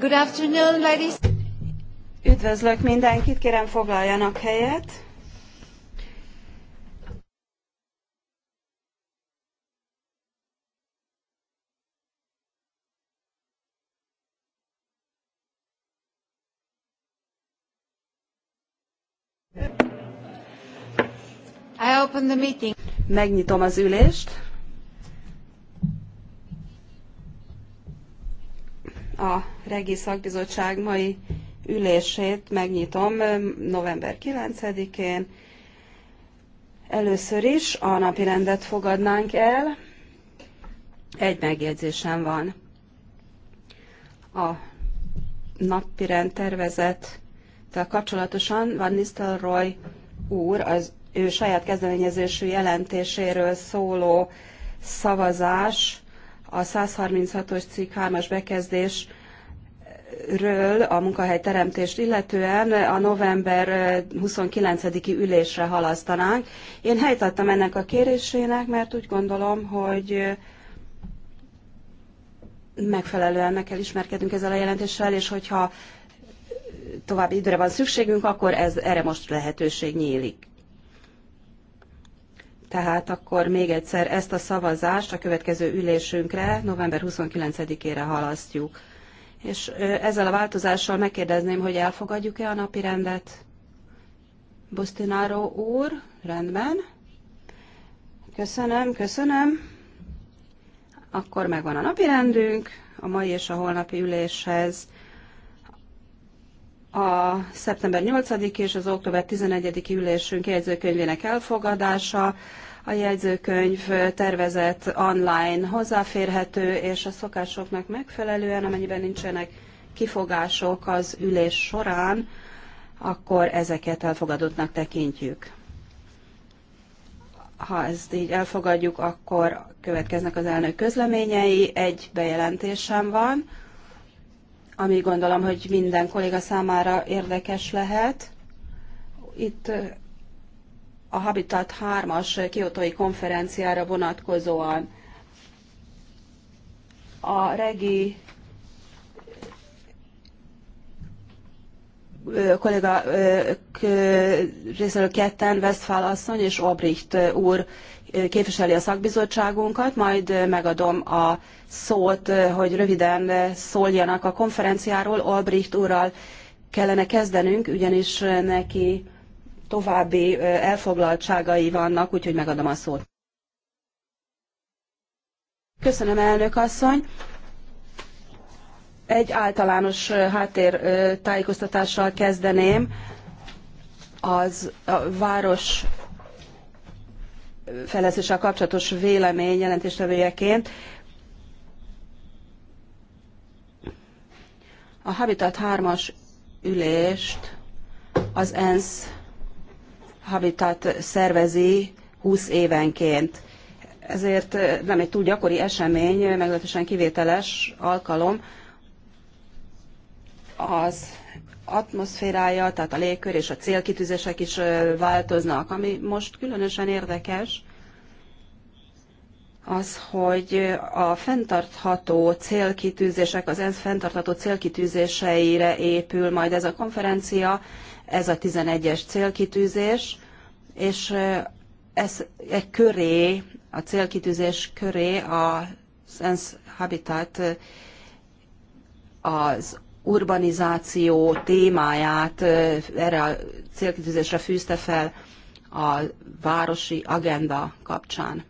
Good afternoon, ladies. Üdvözlök mindenkit, kérem foglaljanak helyet. I open the meeting. Megnyitom az ülést. a Regi Szakbizottság mai ülését megnyitom november 9-én. Először is a napi rendet fogadnánk el. Egy megjegyzésem van. A napi rend tervezettel kapcsolatosan Van Nistelrooy úr az ő saját kezdeményezésű jelentéséről szóló szavazás a 136-os cikk 3-as bekezdés ről a munkahelyteremtést illetően a november 29-i ülésre halasztanánk. Én helyt adtam ennek a kérésének, mert úgy gondolom, hogy megfelelően meg kell ismerkednünk ezzel a jelentéssel, és hogyha további időre van szükségünk, akkor ez, erre most lehetőség nyílik. Tehát akkor még egyszer ezt a szavazást a következő ülésünkre, november 29-ére halasztjuk. És ezzel a változással megkérdezném, hogy elfogadjuk-e a napi rendet? Bustináró úr, rendben. Köszönöm, köszönöm. Akkor megvan a napi rendünk a mai és a holnapi üléshez a szeptember 8 és az október 11-i ülésünk jegyzőkönyvének elfogadása. A jegyzőkönyv tervezett online hozzáférhető, és a szokásoknak megfelelően, amennyiben nincsenek kifogások az ülés során, akkor ezeket elfogadottnak tekintjük. Ha ezt így elfogadjuk, akkor következnek az elnök közleményei. Egy bejelentésem van ami gondolom, hogy minden kolléga számára érdekes lehet. Itt a Habitat 3-as kiotói konferenciára vonatkozóan a regi kolléga részéről ketten, Westphal asszony és Obricht úr képviseli a szakbizottságunkat, majd megadom a szót, hogy röviden szóljanak a konferenciáról. Albrecht úrral kellene kezdenünk, ugyanis neki további elfoglaltságai vannak, úgyhogy megadom a szót. Köszönöm, elnök asszony. Egy általános háttértájékoztatással kezdeném. Az a város fejlesztéssel kapcsolatos vélemény jelentéstevőjeként. A Habitat 3-as ülést az ENSZ Habitat szervezi 20 évenként. Ezért eh, nem egy túl gyakori esemény, meglehetősen kivételes alkalom az atmoszférája, tehát a légkör és a célkitűzések is változnak. Ami most különösen érdekes, az, hogy a fenntartható célkitűzések, az ENSZ fenntartható célkitűzéseire épül majd ez a konferencia, ez a 11-es célkitűzés, és ez egy köré, a célkitűzés köré az ENSZ Habitat az urbanizáció témáját erre a célkitűzésre fűzte fel a városi agenda kapcsán.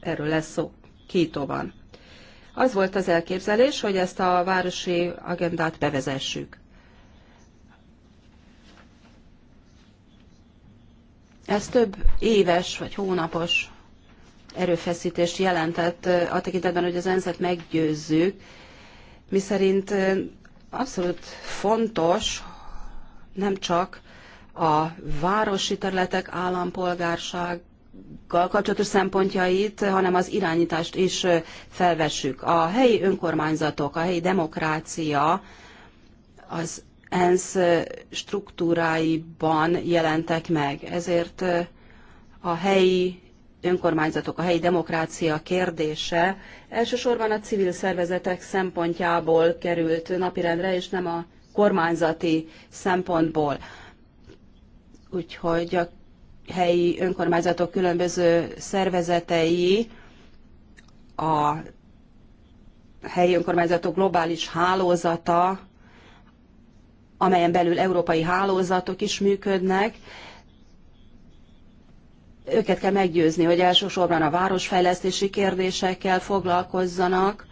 Erről lesz szó Kítóban. Az volt az elképzelés, hogy ezt a városi agendát bevezessük. Ez több éves vagy hónapos erőfeszítést jelentett a tekintetben, hogy az ENSZ-et meggyőzzük, miszerint abszolút fontos nem csak a városi területek állampolgárság kapcsolatos szempontjait, hanem az irányítást is felvessük. A helyi önkormányzatok, a helyi demokrácia az ENSZ struktúráiban jelentek meg, ezért a helyi önkormányzatok, a helyi demokrácia kérdése elsősorban a civil szervezetek szempontjából került napirendre, és nem a kormányzati szempontból. Úgyhogy a helyi önkormányzatok különböző szervezetei a helyi önkormányzatok globális hálózata, amelyen belül európai hálózatok is működnek, őket kell meggyőzni, hogy elsősorban a városfejlesztési kérdésekkel foglalkozzanak,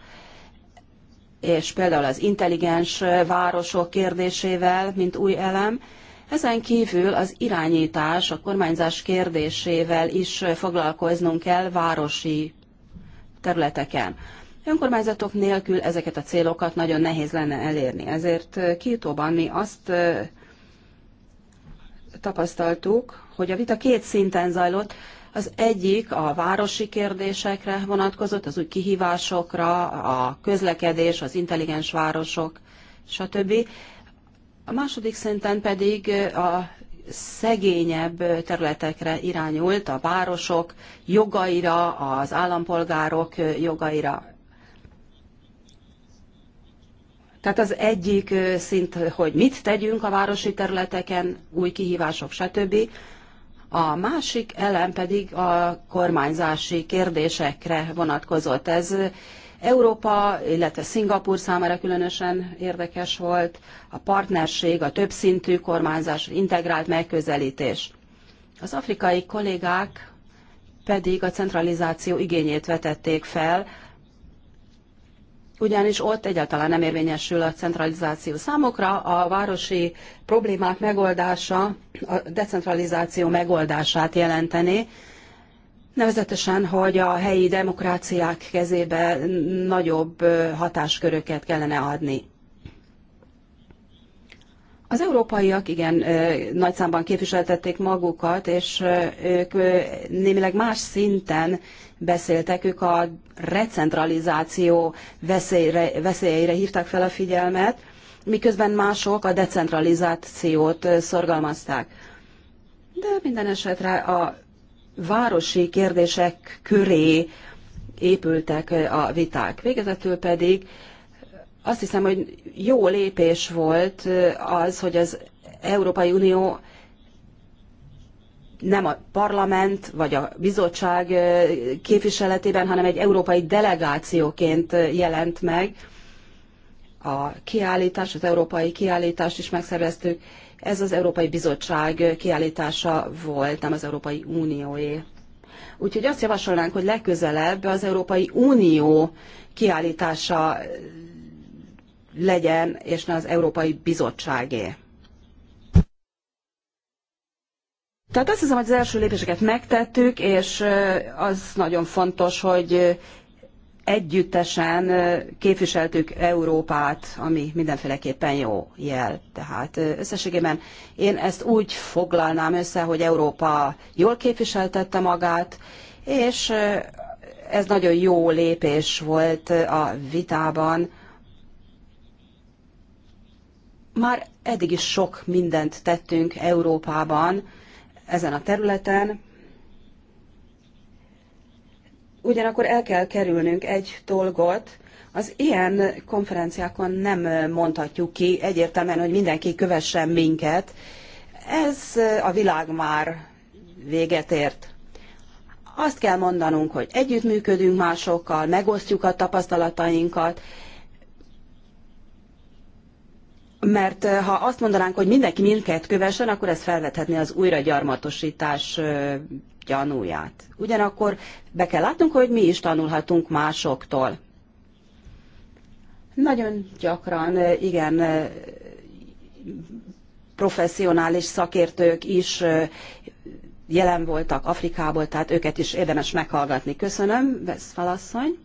és például az intelligens városok kérdésével, mint új elem. Ezen kívül az irányítás, a kormányzás kérdésével is foglalkoznunk kell városi területeken. Önkormányzatok nélkül ezeket a célokat nagyon nehéz lenne elérni. Ezért Kítóban mi azt tapasztaltuk, hogy a vita két szinten zajlott. Az egyik a városi kérdésekre vonatkozott, az új kihívásokra, a közlekedés, az intelligens városok, stb. A második szinten pedig a szegényebb területekre irányult, a városok jogaira, az állampolgárok jogaira. Tehát az egyik szint, hogy mit tegyünk a városi területeken, új kihívások, stb. A másik elem pedig a kormányzási kérdésekre vonatkozott. Ez Európa, illetve Szingapur számára különösen érdekes volt, a partnerség, a többszintű kormányzás, integrált megközelítés. Az afrikai kollégák pedig a centralizáció igényét vetették fel, ugyanis ott egyáltalán nem érvényesül a centralizáció számokra, a városi problémák megoldása a decentralizáció megoldását jelenteni, Nevezetesen, hogy a helyi demokráciák kezébe nagyobb hatásköröket kellene adni. Az európaiak igen nagy számban képviseltették magukat, és ők némileg más szinten beszéltek, ők a recentralizáció veszélyre, veszélyeire hívták fel a figyelmet, miközben mások a decentralizációt szorgalmazták. De minden esetre a városi kérdések köré épültek a viták. Végezetül pedig azt hiszem, hogy jó lépés volt az, hogy az Európai Unió nem a parlament vagy a bizottság képviseletében, hanem egy európai delegációként jelent meg. A kiállítás, az európai kiállítást is megszerveztük. Ez az Európai Bizottság kiállítása volt, nem az Európai Unióé. Úgyhogy azt javasolnánk, hogy legközelebb az Európai Unió kiállítása legyen, és ne az Európai Bizottságé. Tehát azt hiszem, hogy az első lépéseket megtettük, és az nagyon fontos, hogy együttesen képviseltük Európát, ami mindenféleképpen jó jel. Tehát összességében én ezt úgy foglalnám össze, hogy Európa jól képviseltette magát, és ez nagyon jó lépés volt a vitában, már eddig is sok mindent tettünk Európában ezen a területen, ugyanakkor el kell kerülnünk egy dolgot, az ilyen konferenciákon nem mondhatjuk ki egyértelműen, hogy mindenki kövessen minket. Ez a világ már véget ért. Azt kell mondanunk, hogy együttműködünk másokkal, megosztjuk a tapasztalatainkat, mert eh, ha azt mondanánk, hogy mindenki minket kövessen, akkor ez felvethetné az újragyarmatosítás eh, gyanúját. Ugyanakkor be kell látnunk, hogy mi is tanulhatunk másoktól. Nagyon gyakran, eh, igen, professzionális szakértők is jelen voltak Afrikából, tehát őket is érdemes meghallgatni. Köszönöm, Veszfalasszony.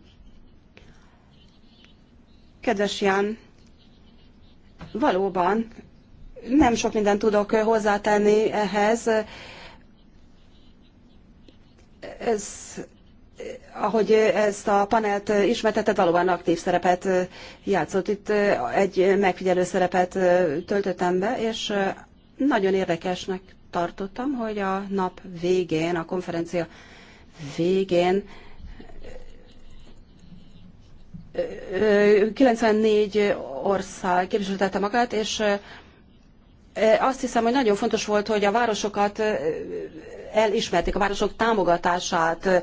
Kedves Ján, Valóban, nem sok mindent tudok eh, hozzátenni ehhez. Ez, eh, ahogy ezt a panelt eh, ismertetett, valóban aktív szerepet játszott. Itt egy megfigyelő szerepet töltöttem be, és nagyon érdekesnek tartottam, hogy a nap végén, a konferencia végén 94 ország képviseltette magát, és azt hiszem, hogy nagyon fontos volt, hogy a városokat elismerték, a városok támogatását.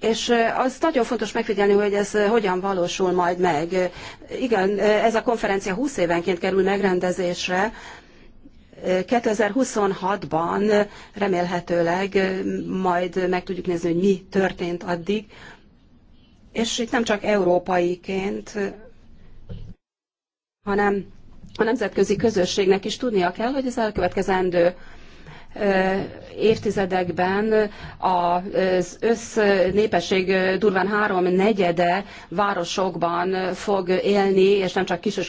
És az nagyon fontos megfigyelni, hogy ez hogyan valósul majd meg. Igen, ez a konferencia 20 évenként kerül megrendezésre, 2026-ban remélhetőleg majd meg tudjuk nézni, hogy mi történt addig. És itt nem csak európaiként, hanem a nemzetközi közösségnek is tudnia kell, hogy az elkövetkezendő évtizedekben az össznépesség durván három negyede városokban fog élni, és nem csak kis és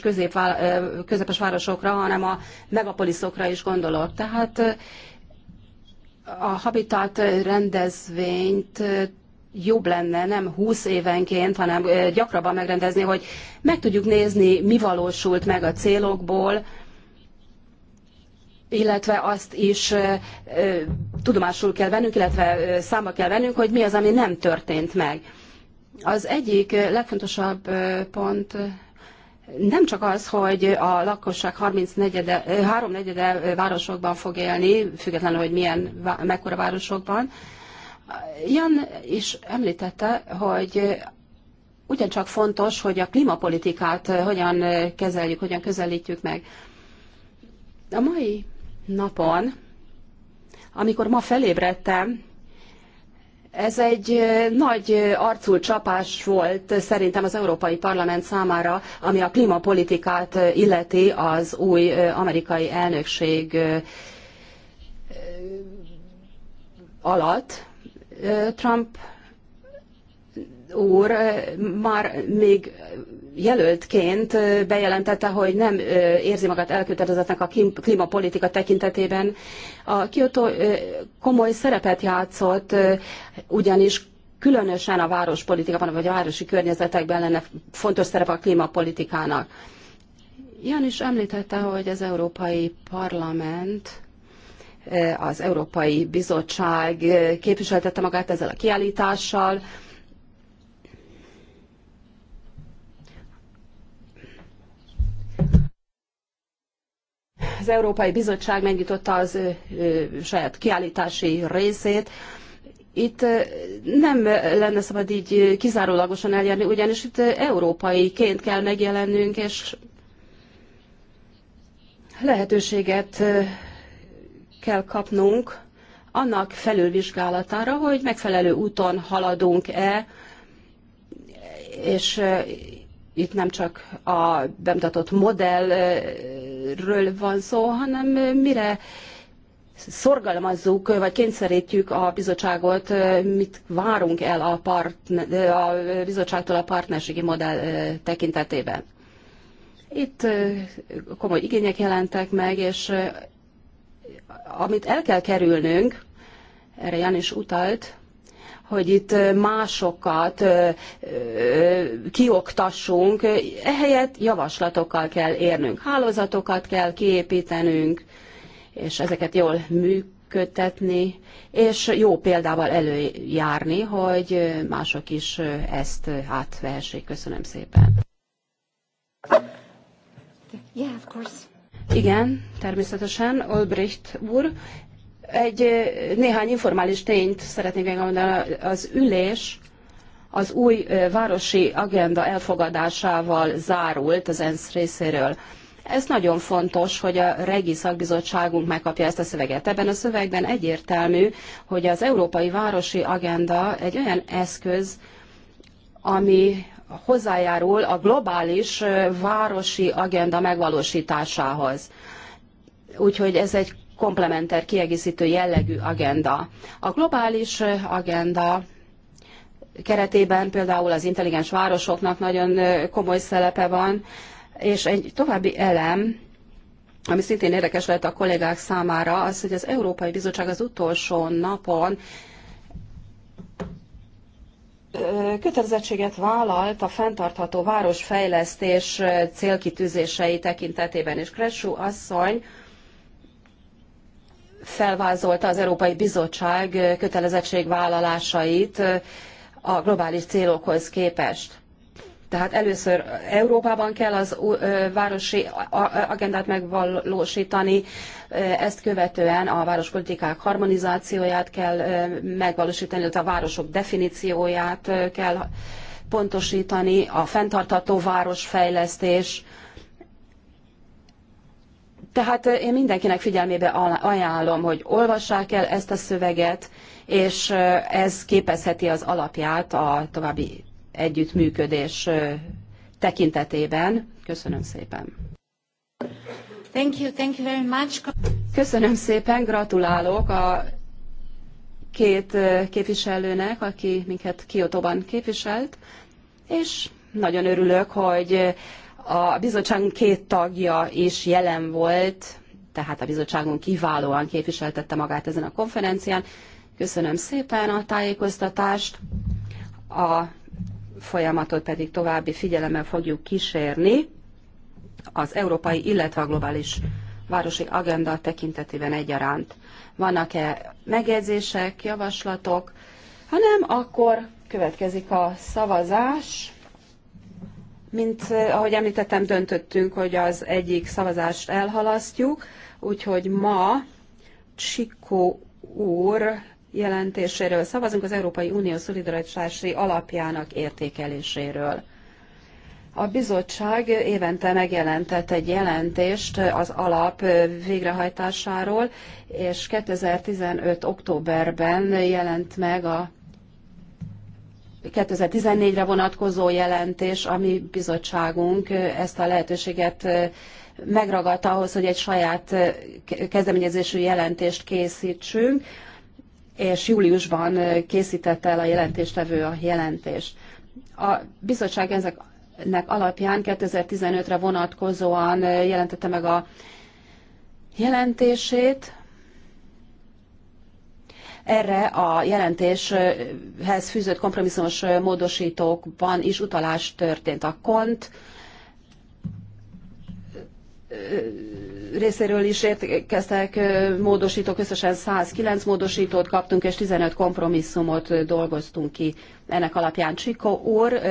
közepes városokra, hanem a megapoliszokra is gondolok. Tehát a Habitat rendezvényt jobb lenne nem 20 évenként, hanem gyakrabban megrendezni, hogy meg tudjuk nézni, mi valósult meg a célokból, illetve azt is tudomásul kell vennünk, illetve számba kell vennünk, hogy mi az, ami nem történt meg. Az egyik legfontosabb pont nem csak az, hogy a lakosság háromnegyede városokban fog élni, függetlenül, hogy milyen, mekkora városokban. Jan is említette, hogy ugyancsak fontos, hogy a klímapolitikát hogyan kezeljük, hogyan közelítjük meg. A mai napon, amikor ma felébredtem, ez egy nagy arcul csapás volt szerintem az Európai Parlament számára, ami a klímapolitikát illeti az új amerikai elnökség alatt. Trump úr már még jelöltként bejelentette, hogy nem érzi magát elkötelezettnek a klímapolitika tekintetében. A Kyoto komoly szerepet játszott, ugyanis különösen a várospolitikában, vagy a városi környezetekben lenne fontos szerep a klímapolitikának. Jan is említette, hogy az Európai Parlament az Európai Bizottság képviseltette magát ezzel a kiállítással, az Európai Bizottság megnyitotta az saját kiállítási részét. Itt nem lenne szabad így kizárólagosan eljárni, ugyanis itt európaiként kell megjelennünk, és lehetőséget kell kapnunk annak felülvizsgálatára, hogy megfelelő úton haladunk-e, és itt nem csak a bemutatott modellről van szó, hanem mire szorgalmazzuk, vagy kényszerítjük a bizottságot, mit várunk el a, partne- a bizottságtól a partnerségi modell tekintetében. Itt komoly igények jelentek meg, és amit el kell kerülnünk, erre Jan is utalt, hogy itt másokat kioktassunk, ehelyett javaslatokkal kell érnünk, hálózatokat kell kiépítenünk, és ezeket jól működtetni, és jó példával előjárni, hogy mások is ezt átvehessék. Köszönöm szépen. Yeah, of course. Igen, természetesen, Olbricht úr. Egy néhány informális tényt szeretnék megmondani. Az ülés az új városi agenda elfogadásával zárult az ENSZ részéről. Ez nagyon fontos, hogy a Regi Szakbizottságunk megkapja ezt a szöveget. Ebben a szövegben egyértelmű, hogy az Európai Városi Agenda egy olyan eszköz, ami hozzájárul a globális városi agenda megvalósításához. Úgyhogy ez egy komplementer, kiegészítő jellegű agenda. A globális agenda keretében például az intelligens városoknak nagyon komoly szerepe van, és egy további elem, ami szintén érdekes lehet a kollégák számára, az, hogy az Európai Bizottság az utolsó napon kötelezettséget vállalt a fenntartható városfejlesztés célkitűzései tekintetében, és Kressú asszony felvázolta az Európai Bizottság kötelezettségvállalásait a globális célokhoz képest. Tehát először Európában kell az városi agendát megvalósítani, ezt követően a várospolitikák harmonizációját kell megvalósítani, illetve a városok definícióját kell pontosítani, a fenntartató városfejlesztés, tehát eh, én mindenkinek figyelmébe ajánlom, hogy olvassák el ezt a szöveget, és eh, ez képezheti az alapját a további együttműködés eh, tekintetében. Köszönöm szépen. Thank you, thank you very much. Köszönöm szépen, gratulálok a két képviselőnek, aki minket Kiotóban képviselt, és nagyon örülök, hogy a bizottságunk két tagja is jelen volt, tehát a bizottságunk kiválóan képviseltette magát ezen a konferencián. Köszönöm szépen a tájékoztatást, a folyamatot pedig további figyelemmel fogjuk kísérni az európai, illetve a globális városi agenda tekintetében egyaránt. Vannak-e megjegyzések, javaslatok? Ha nem, akkor következik a szavazás. Mint eh, ahogy említettem, döntöttünk, hogy az egyik szavazást elhalasztjuk, úgyhogy ma Csikó úr jelentéséről szavazunk az Európai Unió szolidaritási alapjának értékeléséről. A bizottság évente megjelentett egy jelentést az alap végrehajtásáról, és 2015. októberben jelent meg a 2014-re vonatkozó jelentés, ami bizottságunk ezt a lehetőséget megragadta ahhoz, hogy egy saját kezdeményezésű jelentést készítsünk, és júliusban készítette el a jelentéstevő a jelentést. A bizottság ezeknek alapján 2015-re vonatkozóan jelentette meg a jelentését, erre a jelentéshez fűzött kompromisszumos módosítókban is utalás történt. A kont részéről is érkeztek módosítók, összesen 109 módosítót kaptunk, és 15 kompromisszumot dolgoztunk ki. Ennek alapján Csikó úr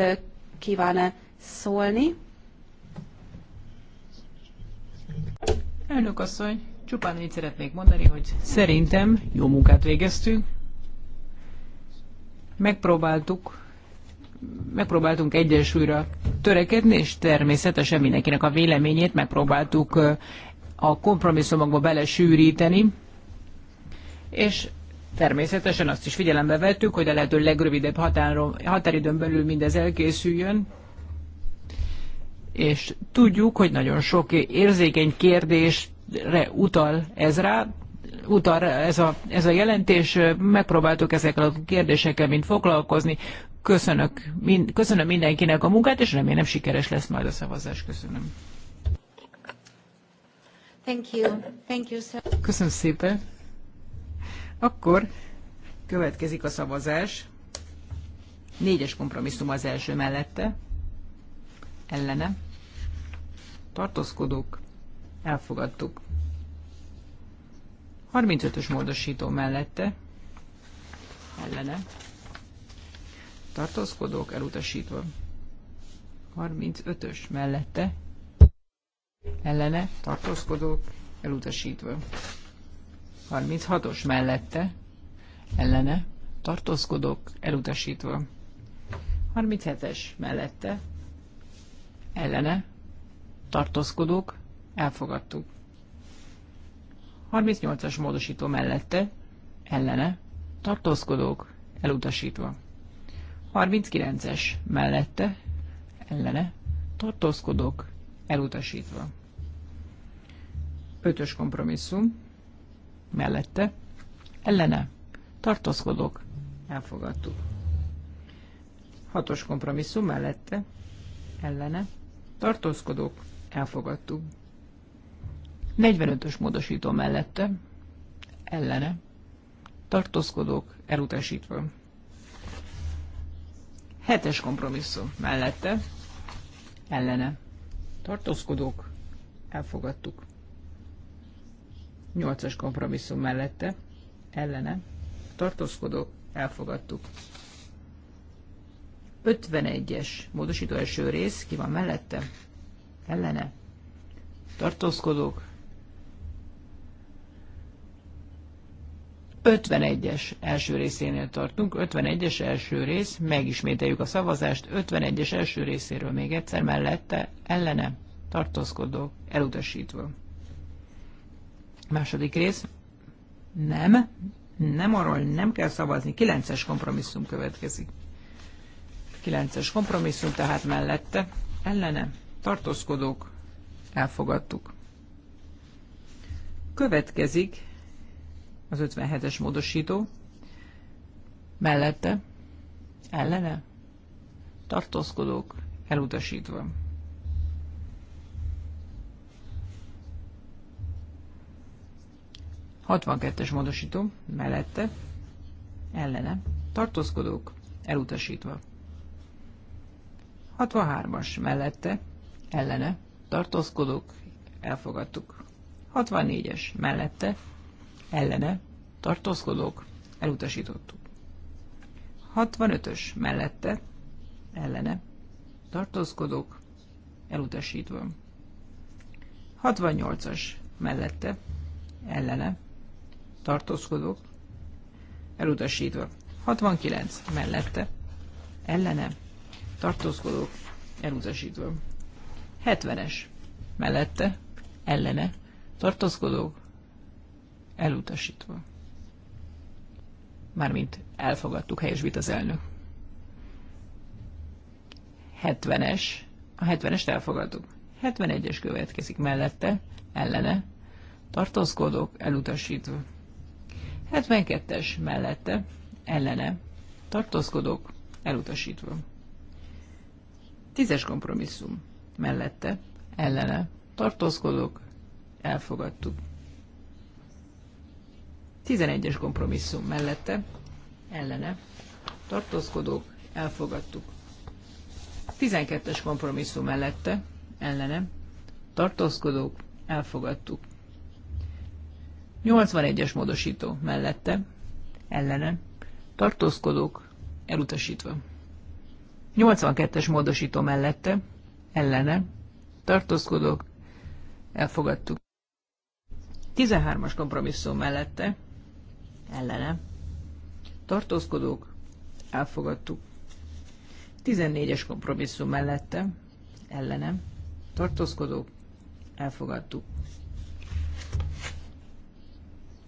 kíván-e szólni? Elnök asszony, Csupán annyit szeretnék mondani, hogy szerintem jó munkát végeztünk. Megpróbáltuk, megpróbáltunk egyensúlyra törekedni, és természetesen mindenkinek a véleményét megpróbáltuk a kompromisszumokba belesűríteni, és természetesen azt is figyelembe vettük, hogy a lehető legrövidebb határon, határidőn belül mindez elkészüljön, és tudjuk, hogy nagyon sok érzékeny kérdés re utal ez rá, utal ez a, ez a jelentés, megpróbáltuk ezekkel a kérdésekkel mind foglalkozni. Köszönök, mind, köszönöm mindenkinek a munkát, és remélem sikeres lesz majd a szavazás. Köszönöm. Thank you. Thank you, sir. Köszönöm szépen. Akkor következik a szavazás. Négyes kompromisszum az első mellette. Ellene. Tartózkodók. Elfogadtuk. 35-ös módosító mellette. Ellene. Tartózkodók elutasítva. 35-ös mellette. Ellene. Tartózkodók elutasítva. 36-os mellette. Ellene. Tartózkodók elutasítva. 37-es mellette. Ellene. Tartózkodók Elfogadtuk. 38-as módosító mellette, ellene, tartózkodók, elutasítva. 39-es mellette, ellene, tartózkodók, elutasítva. 5-ös kompromisszum, mellette, ellene, tartózkodók, elfogadtuk. 6-os kompromisszum mellette, ellene, tartózkodók, elfogadtuk. 45-ös módosító mellette, ellene, tartózkodók elutasítva. 7-es kompromisszum mellette, ellene, tartózkodók elfogadtuk. 8 kompromisszum mellette, ellene, tartózkodók elfogadtuk. 51-es módosító első rész, ki van mellette, ellene, tartózkodók 51-es első részénél tartunk, 51-es első rész, megismételjük a szavazást, 51-es első részéről még egyszer mellette, ellene, tartózkodó, elutasítva. Második rész, nem, nem arról nem kell szavazni, 9-es kompromisszum következik. 9-es kompromisszum, tehát mellette, ellene, tartózkodók, elfogadtuk. Következik az 57-es módosító, mellette, ellene, tartózkodók elutasítva. es módosító, mellette, ellene, tartózkodók elutasítva. 63-as mellette, ellene, tartózkodók, elfogadtuk. 64-es mellette, ellene tartózkodók elutasítottuk. 65-ös mellette ellene tartózkodók elutasítva. 68-as mellette ellene tartózkodók elutasítva. 69 mellette ellene tartózkodók elutasítva. 70-es mellette ellene tartózkodók Elutasítva. Mármint elfogadtuk, helyes vit az elnök. 70-es. A 70-est elfogadtuk. 71-es következik mellette, ellene. Tartózkodok, elutasítva. 72-es mellette, ellene. Tartózkodok, elutasítva. 10-es kompromisszum mellette, ellene. Tartózkodok, elfogadtuk. 11-es kompromisszum mellette ellene tartózkodók elfogadtuk. 12-es kompromisszum mellette ellene tartózkodók elfogadtuk. 81-es módosító mellette ellene tartózkodók elutasítva. 82-es módosító mellette ellene tartózkodók elfogadtuk. 13-as kompromisszum mellette ellene tartózkodók elfogadtuk. 14-es kompromisszum mellette ellene tartózkodók elfogadtuk.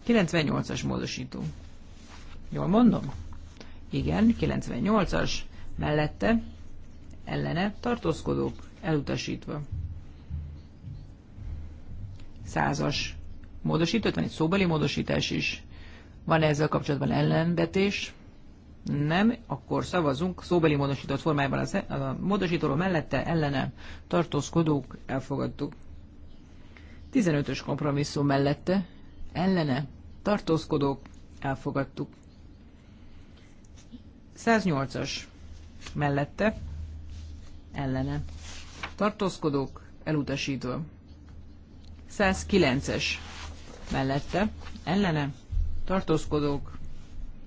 98-as módosító. Jól mondom? Igen, 98-as mellette ellene tartózkodók elutasítva. 100-as módosított, van egy szóbeli módosítás is. Van -e ezzel kapcsolatban ellenvetés? Nem, akkor szavazunk szóbeli módosított formájában e- a módosítóról mellette ellene tartózkodók elfogadtuk. 15-ös kompromisszum mellette ellene tartózkodók elfogadtuk. 108-as mellette ellene tartózkodók elutasítva. 109-es mellette ellene tartózkodók,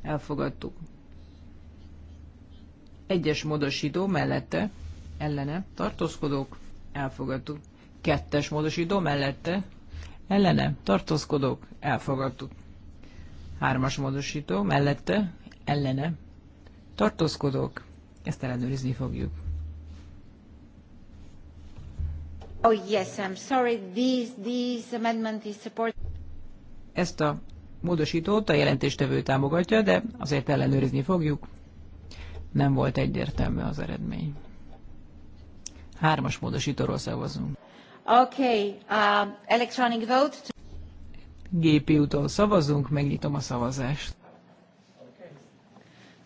elfogadtuk. Egyes módosító mellette, ellene, tartózkodók, elfogadtuk. Kettes módosító mellette, ellene, tartózkodók, elfogadtuk. Hármas módosító mellette, ellene, tartózkodók, ezt ellenőrizni fogjuk. Oh yes, I'm sorry. This, this amendment is supported. Ezt a módosított, a jelentéstevő támogatja, de azért ellenőrizni fogjuk. Nem volt egyértelmű az eredmény. Hármas módosítóról szavazunk. Okay, uh, electronic vote. Gépi úton szavazunk, megnyitom a szavazást.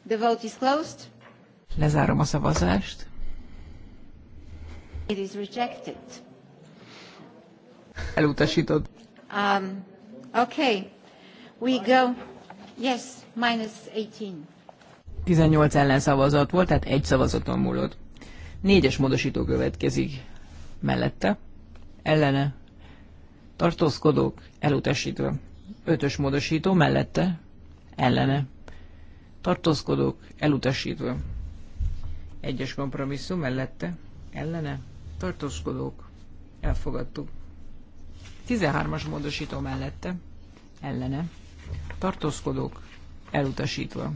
The vote is closed. Lezárom a szavazást. It is rejected. Elutasított. Um, okay. We go. Yes, minus 18. 18 ellenszavazat volt, tehát egy szavazaton múlott. Négyes módosító következik mellette, ellene, tartózkodók, elutasítva. Ötös módosító mellette, ellene, tartózkodók, elutasítva. Egyes kompromisszum mellette, ellene, tartózkodók, elfogadtuk. 13-as módosító mellette, ellene, tartózkodók elutasítva.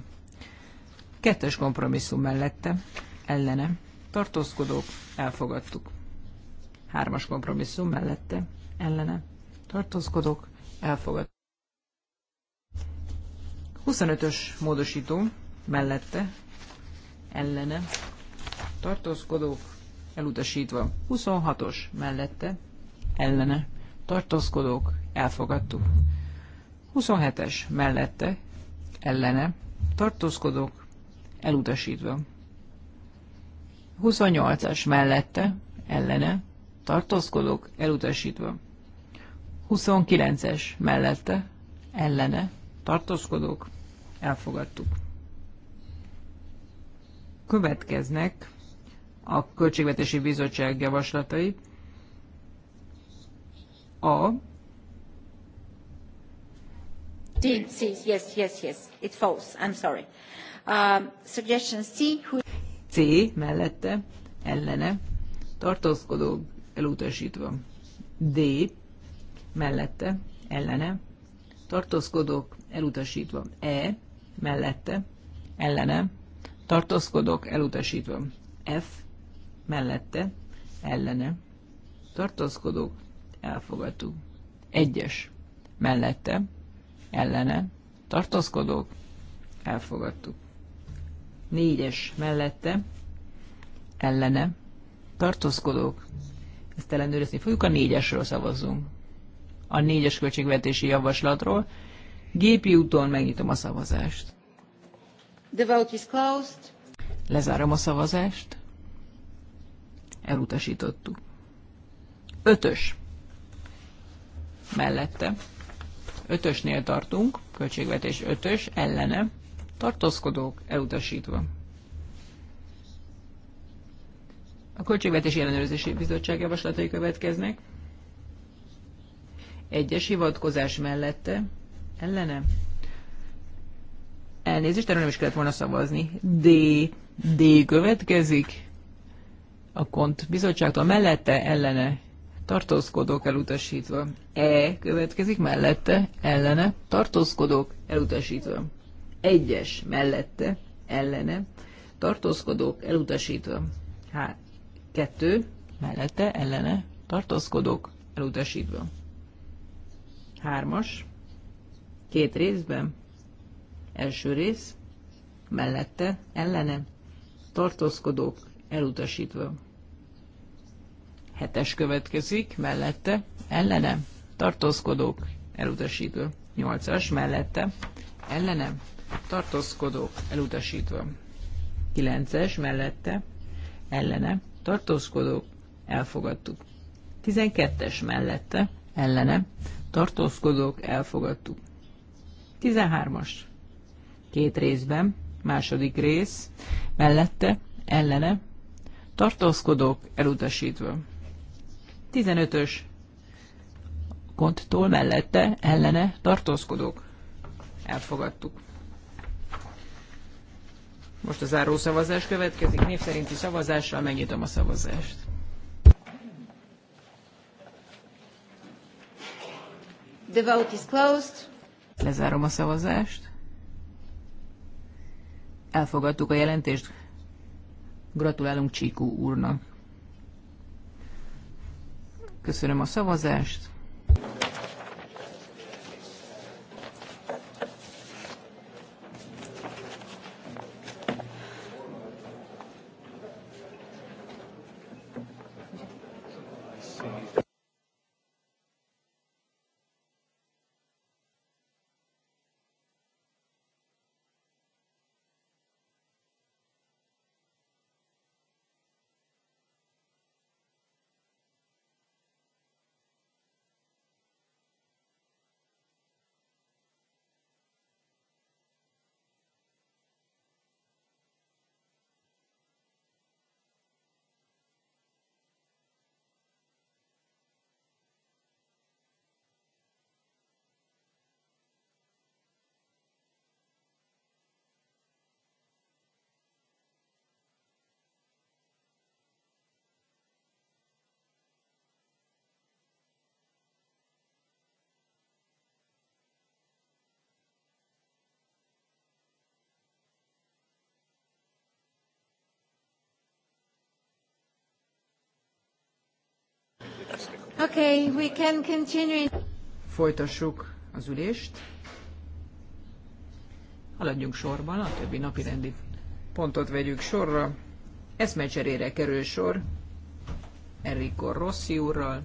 Kettes kompromisszum mellette, ellene, tartózkodók elfogadtuk. Hármas kompromisszum mellette, ellene, tartózkodók elfogadtuk. 25-ös módosító mellette, ellene, tartózkodók elutasítva. 26-os mellette, ellene, tartózkodók elfogadtuk. 27-es mellette, ellene, tartózkodok, elutasítva. 28-as mellette, ellene, tartózkodok, elutasítva. 29-es mellette, ellene, tartózkodok, elfogadtuk. Következnek a Költségvetési Bizottság javaslatai. A D, C, yes, yes, yes. It falls. I'm sorry. Um, suggestion C. Who... C mellette, ellene, tartózkodó, elutasítva. D mellette, ellene, tartózkodók, elutasítva. E mellette, ellene, tartózkodók, elutasítva. F mellette, ellene, tartózkodók, elfogadó. Egyes mellette, ellene tartózkodók, elfogadtuk. Négyes mellette, ellene tartózkodók, ezt ellenőrizni fogjuk, a négyesről szavazzunk. A négyes költségvetési javaslatról. Gépi úton megnyitom a szavazást. The vote is closed. Lezárom a szavazást. Elutasítottuk. Ötös. Mellette Ötösnél tartunk, költségvetés ötös, ellene, tartózkodók elutasítva. A Költségvetési Ellenőrzési Bizottság javaslatai következnek. Egyes hivatkozás mellette, ellene, elnézést, erről nem is kellett volna szavazni. D, D következik, a kont bizottságtól mellette, ellene, tartózkodók elutasítva. E következik mellette, ellene, tartózkodók elutasítva. Egyes mellette, ellene, tartózkodók elutasítva. H. Kettő mellette, ellene, tartózkodók elutasítva. Hármas, két részben, első rész, mellette, ellene, tartózkodók elutasítva. Hetes következik, mellette, ellene, tartózkodók, elutasítva. Nyolcas, mellette, ellene, tartózkodók, elutasítva. Kilences, mellette, ellene, tartózkodók, elfogadtuk. Tizenkettes, mellette, ellene, tartózkodók, elfogadtuk. Tizenhármas, két részben, második rész, mellette, ellene, tartózkodók elutasítva. 15-ös konttól mellette ellene tartózkodók. Elfogadtuk. Most a záró szavazás következik. Név szerinti szavazással megnyitom a szavazást. The vote is closed. Lezárom a szavazást. Elfogadtuk a jelentést. Gratulálunk Csíkú úrnak. Köszönöm a szavazást. Okay, we can continue. Folytassuk az ülést. Haladjunk sorban, a többi napi rendi pontot vegyük sorra. Eszmecserére kerül sor Enrico Rossi úrral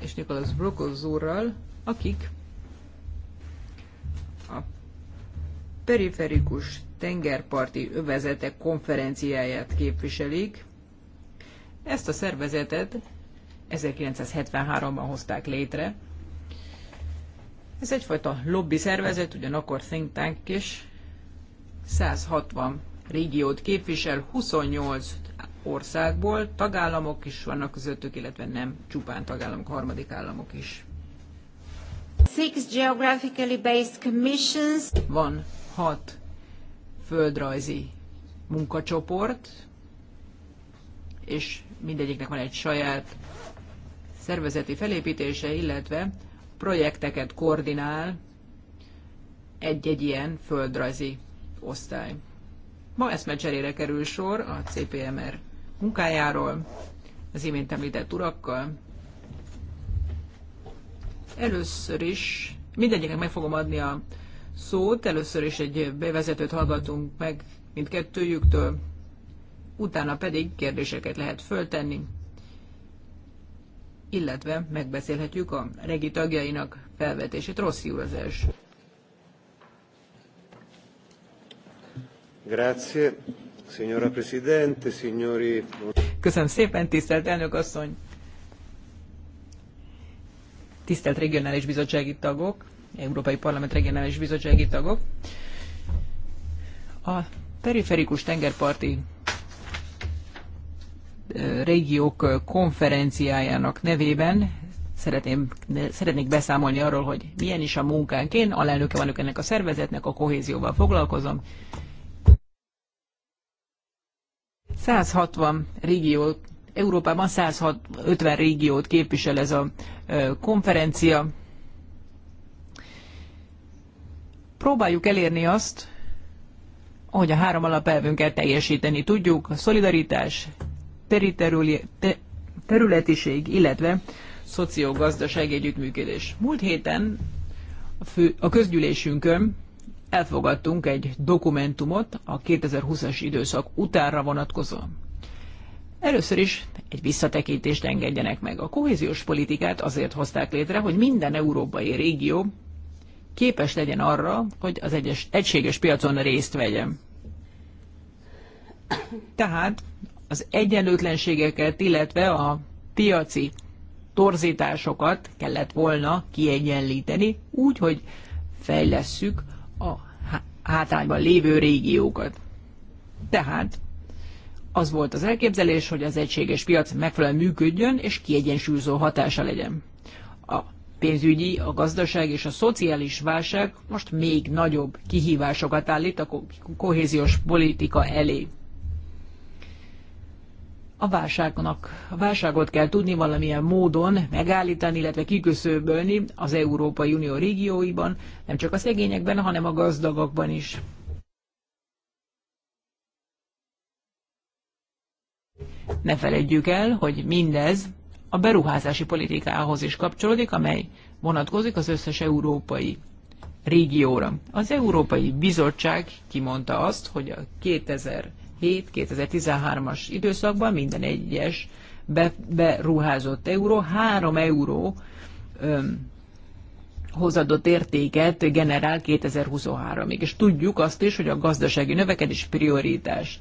és Nicholas Brokos úrral, akik a periferikus tengerparti övezetek konferenciáját képviselik. Ezt a szervezetet 1973-ban hozták létre. Ez egyfajta lobby szervezet, ugyanakkor think tank is. 160 régiót képvisel, 28 országból, tagállamok is vannak közöttük, illetve nem csupán tagállamok, harmadik államok is. Six geographically based commissions. Van hat földrajzi munkacsoport, és mindegyiknek van egy saját szervezeti felépítése, illetve projekteket koordinál egy-egy ilyen földrajzi osztály. Ma eszmecserére kerül sor a CPMR munkájáról, az imént említett urakkal. Először is mindegyiknek meg fogom adni a szót, először is egy bevezetőt hallgatunk meg mindkettőjüktől, utána pedig kérdéseket lehet föltenni illetve megbeszélhetjük a regi tagjainak felvetését. Rossz az első. Grazie, signora Presidente, signori... Köszönöm szépen, tisztelt elnök asszony! Tisztelt regionális bizottsági tagok, Európai Parlament regionális bizottsági tagok! A periferikus tengerparti régiók konferenciájának nevében szeretném, szeretnék beszámolni arról, hogy milyen is a munkánk. Én alelnöke vagyok ennek a szervezetnek, a kohézióval foglalkozom. 160 régió, Európában 150 régiót képvisel ez a konferencia. Próbáljuk elérni azt, hogy a három alapelvünket teljesíteni tudjuk, a szolidaritás, területiség, illetve szociogazdaság együttműködés. Múlt héten a, fő, a közgyűlésünkön elfogadtunk egy dokumentumot a 2020-as időszak utánra vonatkozóan. Először is egy visszatekintést engedjenek meg. A kohéziós politikát azért hozták létre, hogy minden európai régió képes legyen arra, hogy az egyes, egységes piacon részt vegyen. Tehát az egyenlőtlenségeket, illetve a piaci torzításokat kellett volna kiegyenlíteni, úgy, hogy fejlesszük a hátányban lévő régiókat. Tehát az volt az elképzelés, hogy az egységes piac megfelelően működjön és kiegyensúlyozó hatása legyen. A pénzügyi, a gazdaság és a szociális válság most még nagyobb kihívásokat állít a kohéziós politika elé a válságnak, a válságot kell tudni valamilyen módon megállítani, illetve kiköszöbölni az Európai Unió régióiban, nem csak a szegényekben, hanem a gazdagokban is. Ne feledjük el, hogy mindez a beruházási politikához is kapcsolódik, amely vonatkozik az összes európai régióra. Az Európai Bizottság kimondta azt, hogy a 2000 2007-2013-as időszakban minden egyes beruházott euró 3 euró öm, hozadott értéket generál 2023-ig. És tudjuk azt is, hogy a gazdasági növekedés prioritás.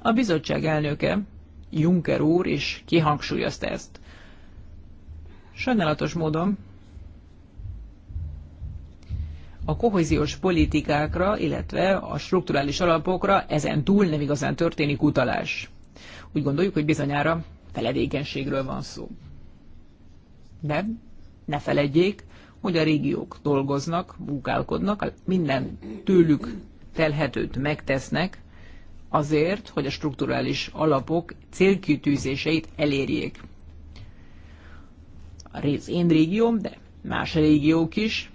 A bizottság elnöke, Juncker úr is kihangsúlyozta ezt. Sajnálatos módon a kohéziós politikákra, illetve a strukturális alapokra ezen túl nem igazán történik utalás. Úgy gondoljuk, hogy bizonyára feledékenységről van szó. De ne feledjék, hogy a régiók dolgoznak, munkálkodnak, minden tőlük telhetőt megtesznek azért, hogy a strukturális alapok célkitűzéseit elérjék. A rész én régióm, de más régiók is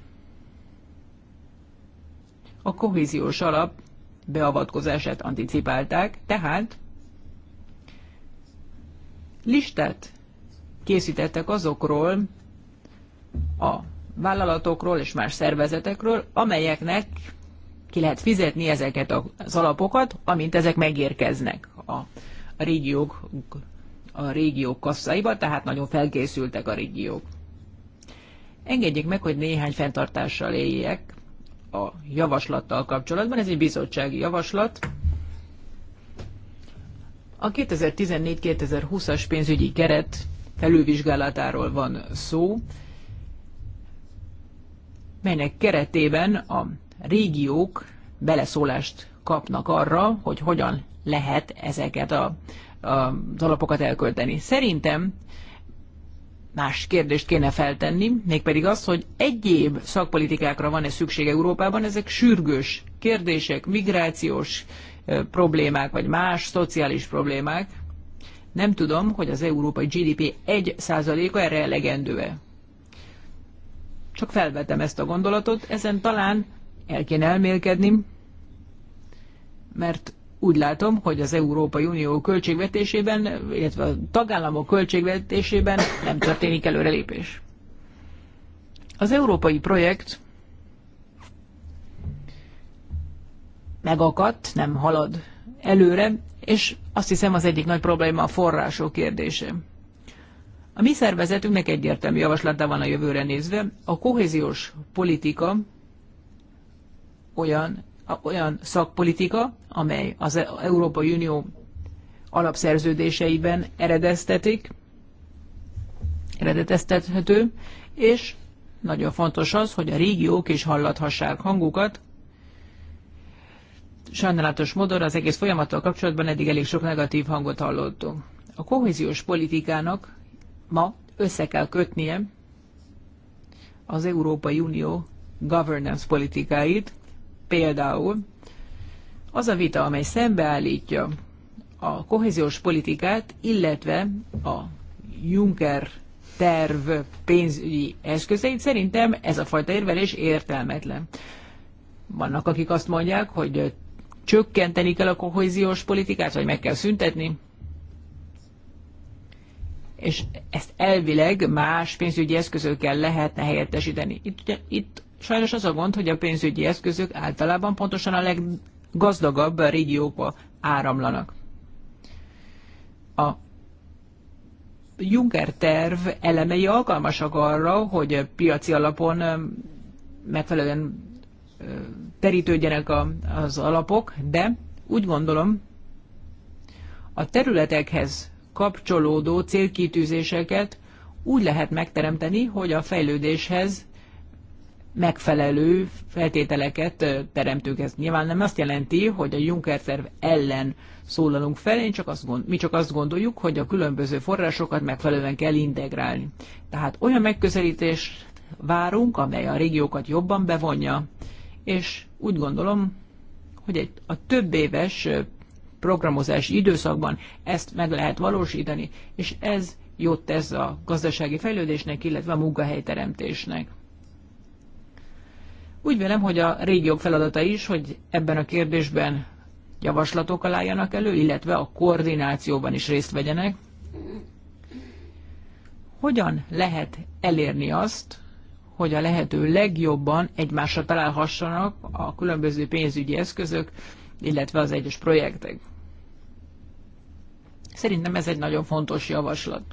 a kohéziós alap beavatkozását anticipálták, tehát listát készítettek azokról a vállalatokról és más szervezetekről, amelyeknek ki lehet fizetni ezeket az alapokat, amint ezek megérkeznek a régiók, a régiók kasszaiba, tehát nagyon felkészültek a régiók. Engedjék meg, hogy néhány fenntartással éljek a javaslattal kapcsolatban. Ez egy bizottsági javaslat. A 2014-2020-as pénzügyi keret felülvizsgálatáról van szó, melynek keretében a régiók beleszólást kapnak arra, hogy hogyan lehet ezeket a, a, az alapokat elkölteni. Szerintem más kérdést kéne feltenni, mégpedig az, hogy egyéb szakpolitikákra van-e szükség Európában, ezek sürgős kérdések, migrációs problémák, vagy más szociális problémák. Nem tudom, hogy az európai GDP 1%-a erre elegendő-e. Csak felvetem ezt a gondolatot, ezen talán el kéne elmélkedni, mert úgy látom, hogy az Európai Unió költségvetésében, illetve a tagállamok költségvetésében nem történik előrelépés. Az európai projekt megakadt, nem halad előre, és azt hiszem az egyik nagy probléma a források kérdése. A mi szervezetünknek egyértelmű javaslata van a jövőre nézve. A kohéziós politika olyan olyan szakpolitika, amely az e- Európai Unió alapszerződéseiben eredeztetik, eredeteztethető, és nagyon fontos az, hogy a régiók is hallathassák hangukat. Sajnálatos módon az egész folyamattal kapcsolatban eddig elég sok negatív hangot hallottunk. A kohéziós politikának ma össze kell kötnie az Európai Unió governance politikáit, Például az a vita, amely szembeállítja a kohéziós politikát, illetve a Juncker terv pénzügyi eszközeit, szerintem ez a fajta érvelés értelmetlen. Vannak, akik azt mondják, hogy csökkenteni kell a kohéziós politikát, vagy meg kell szüntetni, és ezt elvileg más pénzügyi eszközökkel lehetne helyettesíteni. Itt, itt Sajnos az a gond, hogy a pénzügyi eszközök általában pontosan a leggazdagabb régiókba áramlanak. A Juncker terv elemei alkalmasak arra, hogy piaci alapon megfelelően terítődjenek az alapok, de úgy gondolom, a területekhez kapcsolódó célkitűzéseket úgy lehet megteremteni, hogy a fejlődéshez megfelelő feltételeket teremtünk. Ez nyilván nem azt jelenti, hogy a Juncker terv ellen szólalunk fel, én csak azt gond, mi csak azt gondoljuk, hogy a különböző forrásokat megfelelően kell integrálni. Tehát olyan megközelítést várunk, amely a régiókat jobban bevonja, és úgy gondolom, hogy egy, a több éves programozási időszakban ezt meg lehet valósítani, és ez jót tesz a gazdasági fejlődésnek, illetve a munkahelyteremtésnek. Úgy vélem, hogy a régiók feladata is, hogy ebben a kérdésben javaslatok álljanak elő, illetve a koordinációban is részt vegyenek. Hogyan lehet elérni azt, hogy a lehető legjobban egymásra találhassanak a különböző pénzügyi eszközök, illetve az egyes projektek? Szerintem ez egy nagyon fontos javaslat.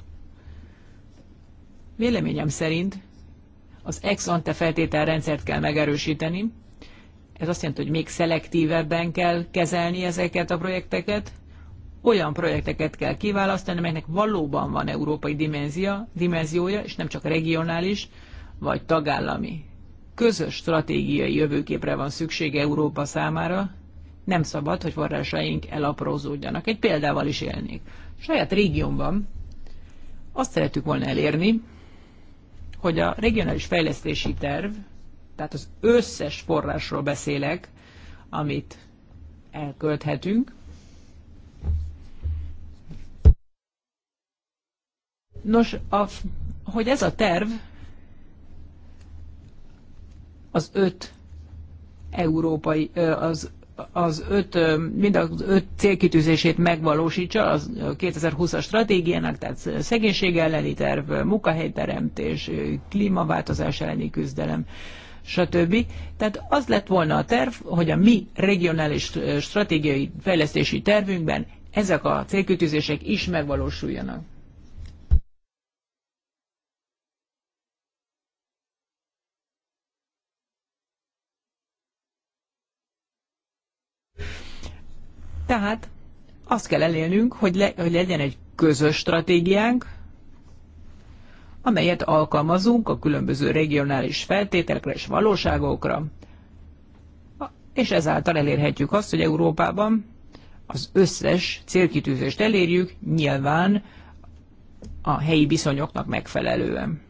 Véleményem szerint az ex ante feltételrendszert kell megerősíteni. Ez azt jelenti, hogy még szelektívebben kell kezelni ezeket a projekteket. Olyan projekteket kell kiválasztani, amelynek valóban van európai dimenzia, dimenziója, és nem csak regionális vagy tagállami. Közös stratégiai jövőképre van szüksége Európa számára, nem szabad, hogy forrásaink elaprózódjanak. Egy példával is élnék. saját régiómban azt szerettük volna elérni, hogy a regionális fejlesztési terv, tehát az összes forrásról beszélek, amit elkölthetünk, Nos, a, hogy ez a terv az öt európai, az az öt, mind az öt célkitűzését megvalósítsa az 2020-as stratégiának, tehát szegénység elleni terv, munkahelyteremtés, klímaváltozás elleni küzdelem, stb. Tehát az lett volna a terv, hogy a mi regionális stratégiai fejlesztési tervünkben ezek a célkitűzések is megvalósuljanak. Tehát azt kell elélnünk, hogy, le, hogy legyen egy közös stratégiánk, amelyet alkalmazunk a különböző regionális feltételekre és valóságokra, és ezáltal elérhetjük azt, hogy Európában az összes célkitűzést elérjük, nyilván a helyi viszonyoknak megfelelően.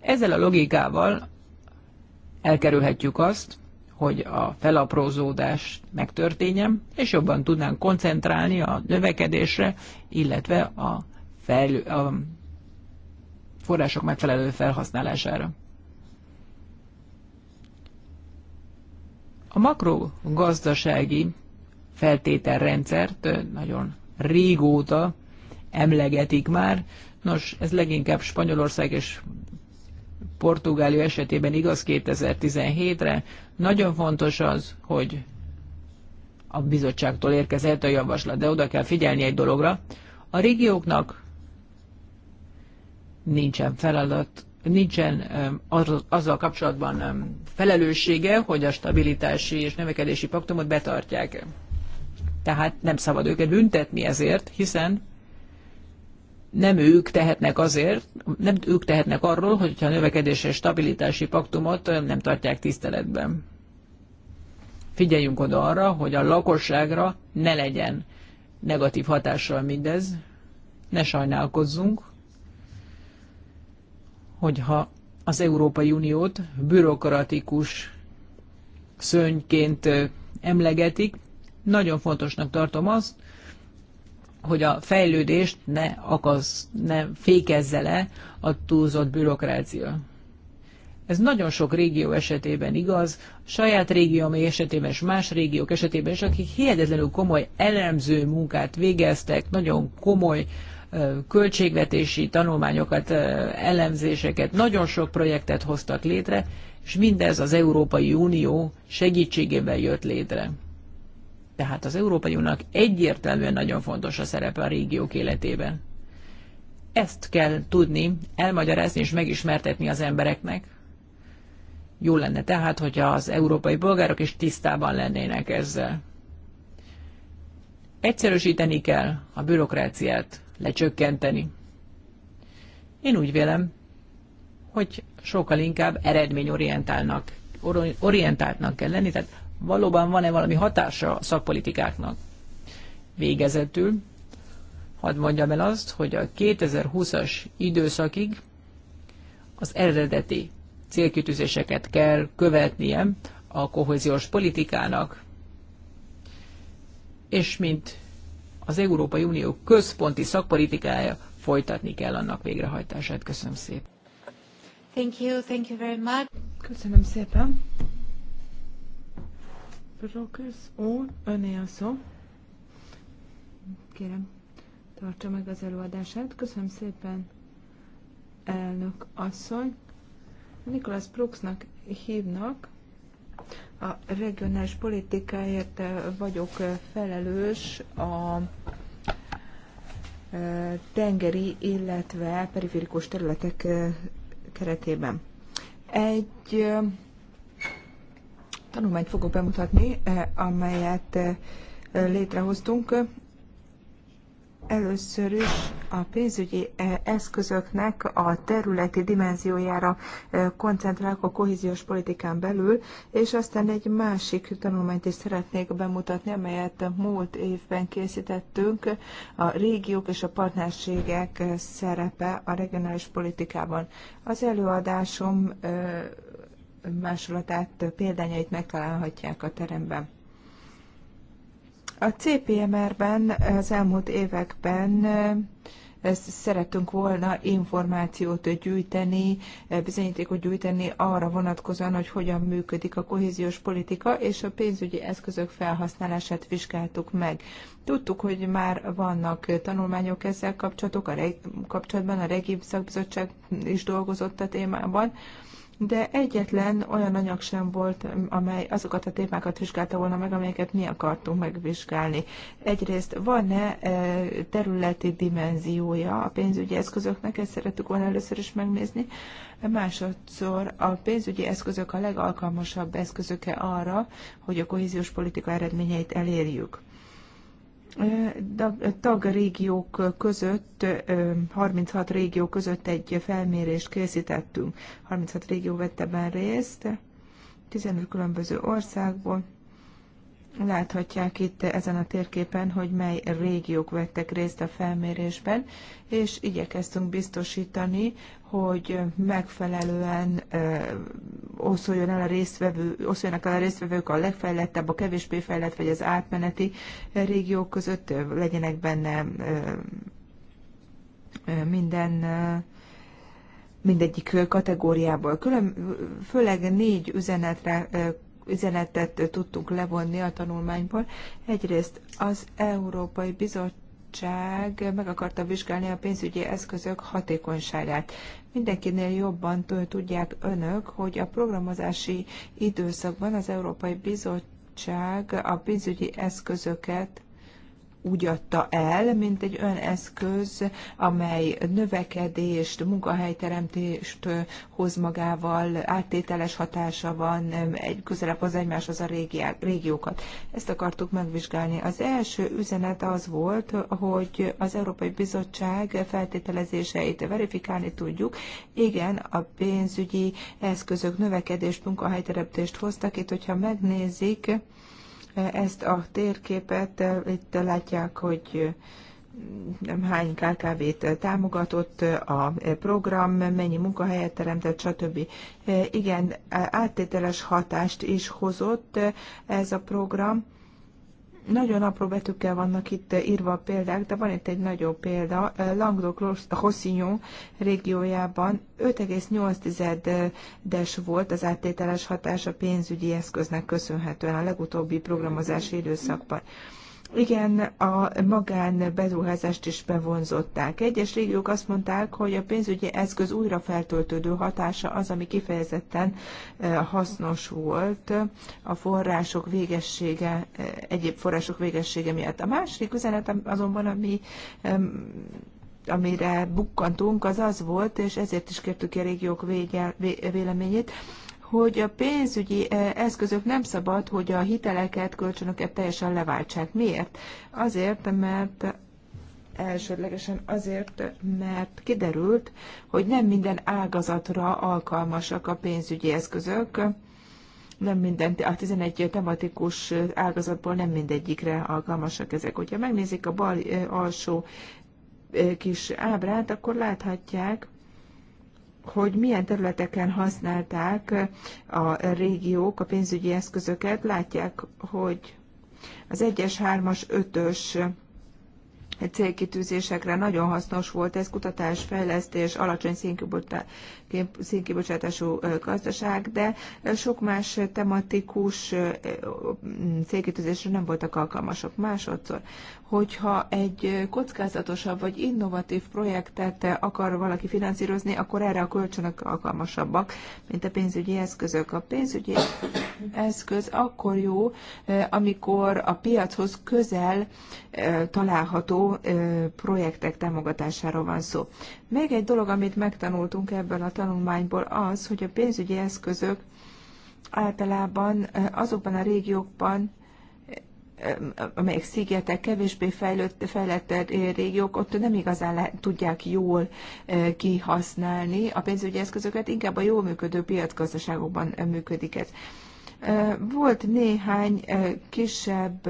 Ezzel a logikával elkerülhetjük azt, hogy a felaprózódás megtörténjen, és jobban tudnánk koncentrálni a növekedésre, illetve a, fel, a források megfelelő felhasználására. A makrogazdasági feltételrendszert nagyon régóta emlegetik már. Nos, ez leginkább Spanyolország és Portugália esetében igaz 2017-re, nagyon fontos az, hogy a bizottságtól érkezett a javaslat, de oda kell figyelni egy dologra. A régióknak nincsen feladat, nincsen azzal kapcsolatban felelőssége, hogy a stabilitási és növekedési paktumot betartják. Tehát nem szabad őket büntetni ezért, hiszen nem ők tehetnek azért, nem ők tehetnek arról, hogyha a növekedési és stabilitási paktumot nem tartják tiszteletben figyeljünk oda arra, hogy a lakosságra ne legyen negatív hatással mindez, ne sajnálkozzunk, hogyha az Európai Uniót bürokratikus szönyként emlegetik. Nagyon fontosnak tartom azt, hogy a fejlődést ne, akasz, ne fékezze le a túlzott bürokrácia. Ez nagyon sok régió esetében igaz, saját régióm esetében és más régiók esetében is, akik hihetetlenül komoly elemző munkát végeztek, nagyon komoly költségvetési tanulmányokat, elemzéseket, nagyon sok projektet hoztak létre, és mindez az Európai Unió segítségével jött létre. Tehát az Európai Uniónak egyértelműen nagyon fontos a szerepe a régiók életében. Ezt kell tudni, elmagyarázni és megismertetni az embereknek. Jó lenne tehát, hogyha az európai polgárok is tisztában lennének ezzel. Egyszerűsíteni kell a bürokráciát, lecsökkenteni. Én úgy vélem, hogy sokkal inkább eredményorientálnak orientáltnak kell lenni, tehát valóban van-e valami hatása a szakpolitikáknak. Végezetül, hadd mondjam el azt, hogy a 2020-as időszakig az eredeti célkitűzéseket kell követnie a kohéziós politikának, és mint az Európai Unió központi szakpolitikája, folytatni kell annak végrehajtását. Köszönöm szépen. Thank you, thank you very much. Köszönöm szépen. Brokers úr, öné a szó. Kérem, tartsa meg az előadását. Köszönöm szépen, elnök asszony. Nikolás Brooksnak hívnak, a regionális politikáért eh, vagyok eh, felelős a eh, tengeri, illetve periférikus területek keretében. Egy tanulmányt fogok bemutatni, amelyet létrehoztunk. Először is a pénzügyi eh, eszközöknek a területi dimenziójára eh, koncentrálok a kohéziós politikán belül, és aztán egy másik tanulmányt is szeretnék bemutatni, amelyet múlt évben készítettünk, a régiók és a partnerségek eh, szerepe a regionális politikában. Az előadásom másolatát, példányait megtalálhatják a teremben. A CPMR-ben az elmúlt években szerettünk volna információt gyűjteni, bizonyítékot gyűjteni arra vonatkozóan, hogy hogyan működik a kohéziós politika, és a pénzügyi eszközök felhasználását vizsgáltuk meg. Tudtuk, hogy már vannak tanulmányok ezzel kapcsolatok, a reg, kapcsolatban a Regi Szakbizottság is dolgozott a témában, de egyetlen olyan anyag sem volt, amely azokat a témákat vizsgálta volna meg, amelyeket mi akartunk megvizsgálni. Egyrészt van-e e, területi dimenziója a pénzügyi eszközöknek, ezt szerettük volna először is megnézni. Másodszor a pénzügyi eszközök a legalkalmasabb eszközöke arra, hogy a kohéziós politika eredményeit elérjük tag régiók között, 36 régió között egy felmérést készítettünk. 36 régió vette ebben részt, 15 különböző országból. Láthatják itt ezen a térképen, hogy mely régiók vettek részt a felmérésben, és igyekeztünk biztosítani, hogy megfelelően oszoljon el a résztvevő, oszoljanak el a résztvevők a legfejlettebb, a kevésbé fejlett vagy az átmeneti régiók között, legyenek benne minden mindegyik kategóriából. Külön, főleg négy üzenetre üzenetet tudtunk levonni a tanulmányból. Egyrészt az Európai Bizottság meg akarta vizsgálni a pénzügyi eszközök hatékonyságát. Mindenkinél jobban tudják önök, hogy a programozási időszakban az Európai Bizottság a pénzügyi eszközöket úgy adta el, mint egy olyan eszköz, amely növekedést, munkahelyteremtést hoz magával, áttételes hatása van, egy, közelebb az egymáshoz a régiák, régiókat. Ezt akartuk megvizsgálni. Az első üzenet az volt, hogy az Európai Bizottság feltételezéseit verifikálni tudjuk. Igen, a pénzügyi eszközök növekedést, munkahelyteremtést hoztak. Itt, hogyha megnézik, ezt a térképet. Eh, itt látják, hogy eh, nem hány KKV-t támogatott eh, a program, mennyi munkahelyet teremtett, stb. Igen, áttételes hatást is hozott ez a program nagyon apró betűkkel vannak itt eh, írva a példák, de van itt egy nagyobb példa. Eh, Languedoc-Roussillon régiójában 58 eh, es volt az áttételes hatás a pénzügyi eszköznek köszönhetően a legutóbbi programozási időszakban. Igen, a magán beruházást is bevonzották. Egyes régiók azt mondták, hogy a pénzügyi eszköz újra feltöltődő hatása az, ami kifejezetten e, hasznos volt a források végessége, e, egyéb források végessége miatt. A másik üzenet azonban, ami amire bukkantunk, az az volt, és ezért is kértük a régiók vége, véleményét, hogy a pénzügyi eh, eszközök nem szabad, hogy a hiteleket, kölcsönöket teljesen leváltsák. Miért? Azért, mert elsődlegesen azért, mert kiderült, hogy nem minden ágazatra alkalmasak a pénzügyi eszközök, nem minden, a 11 tematikus ágazatból nem mindegyikre alkalmasak ezek. Hogyha megnézik a bal eh, alsó eh, kis ábrát, akkor láthatják, hogy milyen területeken használták a régiók a pénzügyi eszközöket. Látják, hogy az 1-es, 3-as, 5-ös célkitűzésekre nagyon hasznos volt ez, kutatás, fejlesztés, alacsony szénkibocsátású gazdaság, de sok más tematikus célkitűzésre nem voltak alkalmasok másodszor hogyha egy kockázatosabb vagy innovatív projektet akar valaki finanszírozni, akkor erre a kölcsönök alkalmasabbak, mint a pénzügyi eszközök. A pénzügyi eszköz akkor jó, amikor a piachoz közel található projektek támogatásáról van szó. Még egy dolog, amit megtanultunk ebből a tanulmányból az, hogy a pénzügyi eszközök általában azokban a régiókban amelyek szigetek, kevésbé fejlett, fejlett régiók, ott nem igazán le, tudják jól kihasználni a pénzügyi eszközöket, inkább a jól működő piacgazdaságokban működik ez. Volt néhány kisebb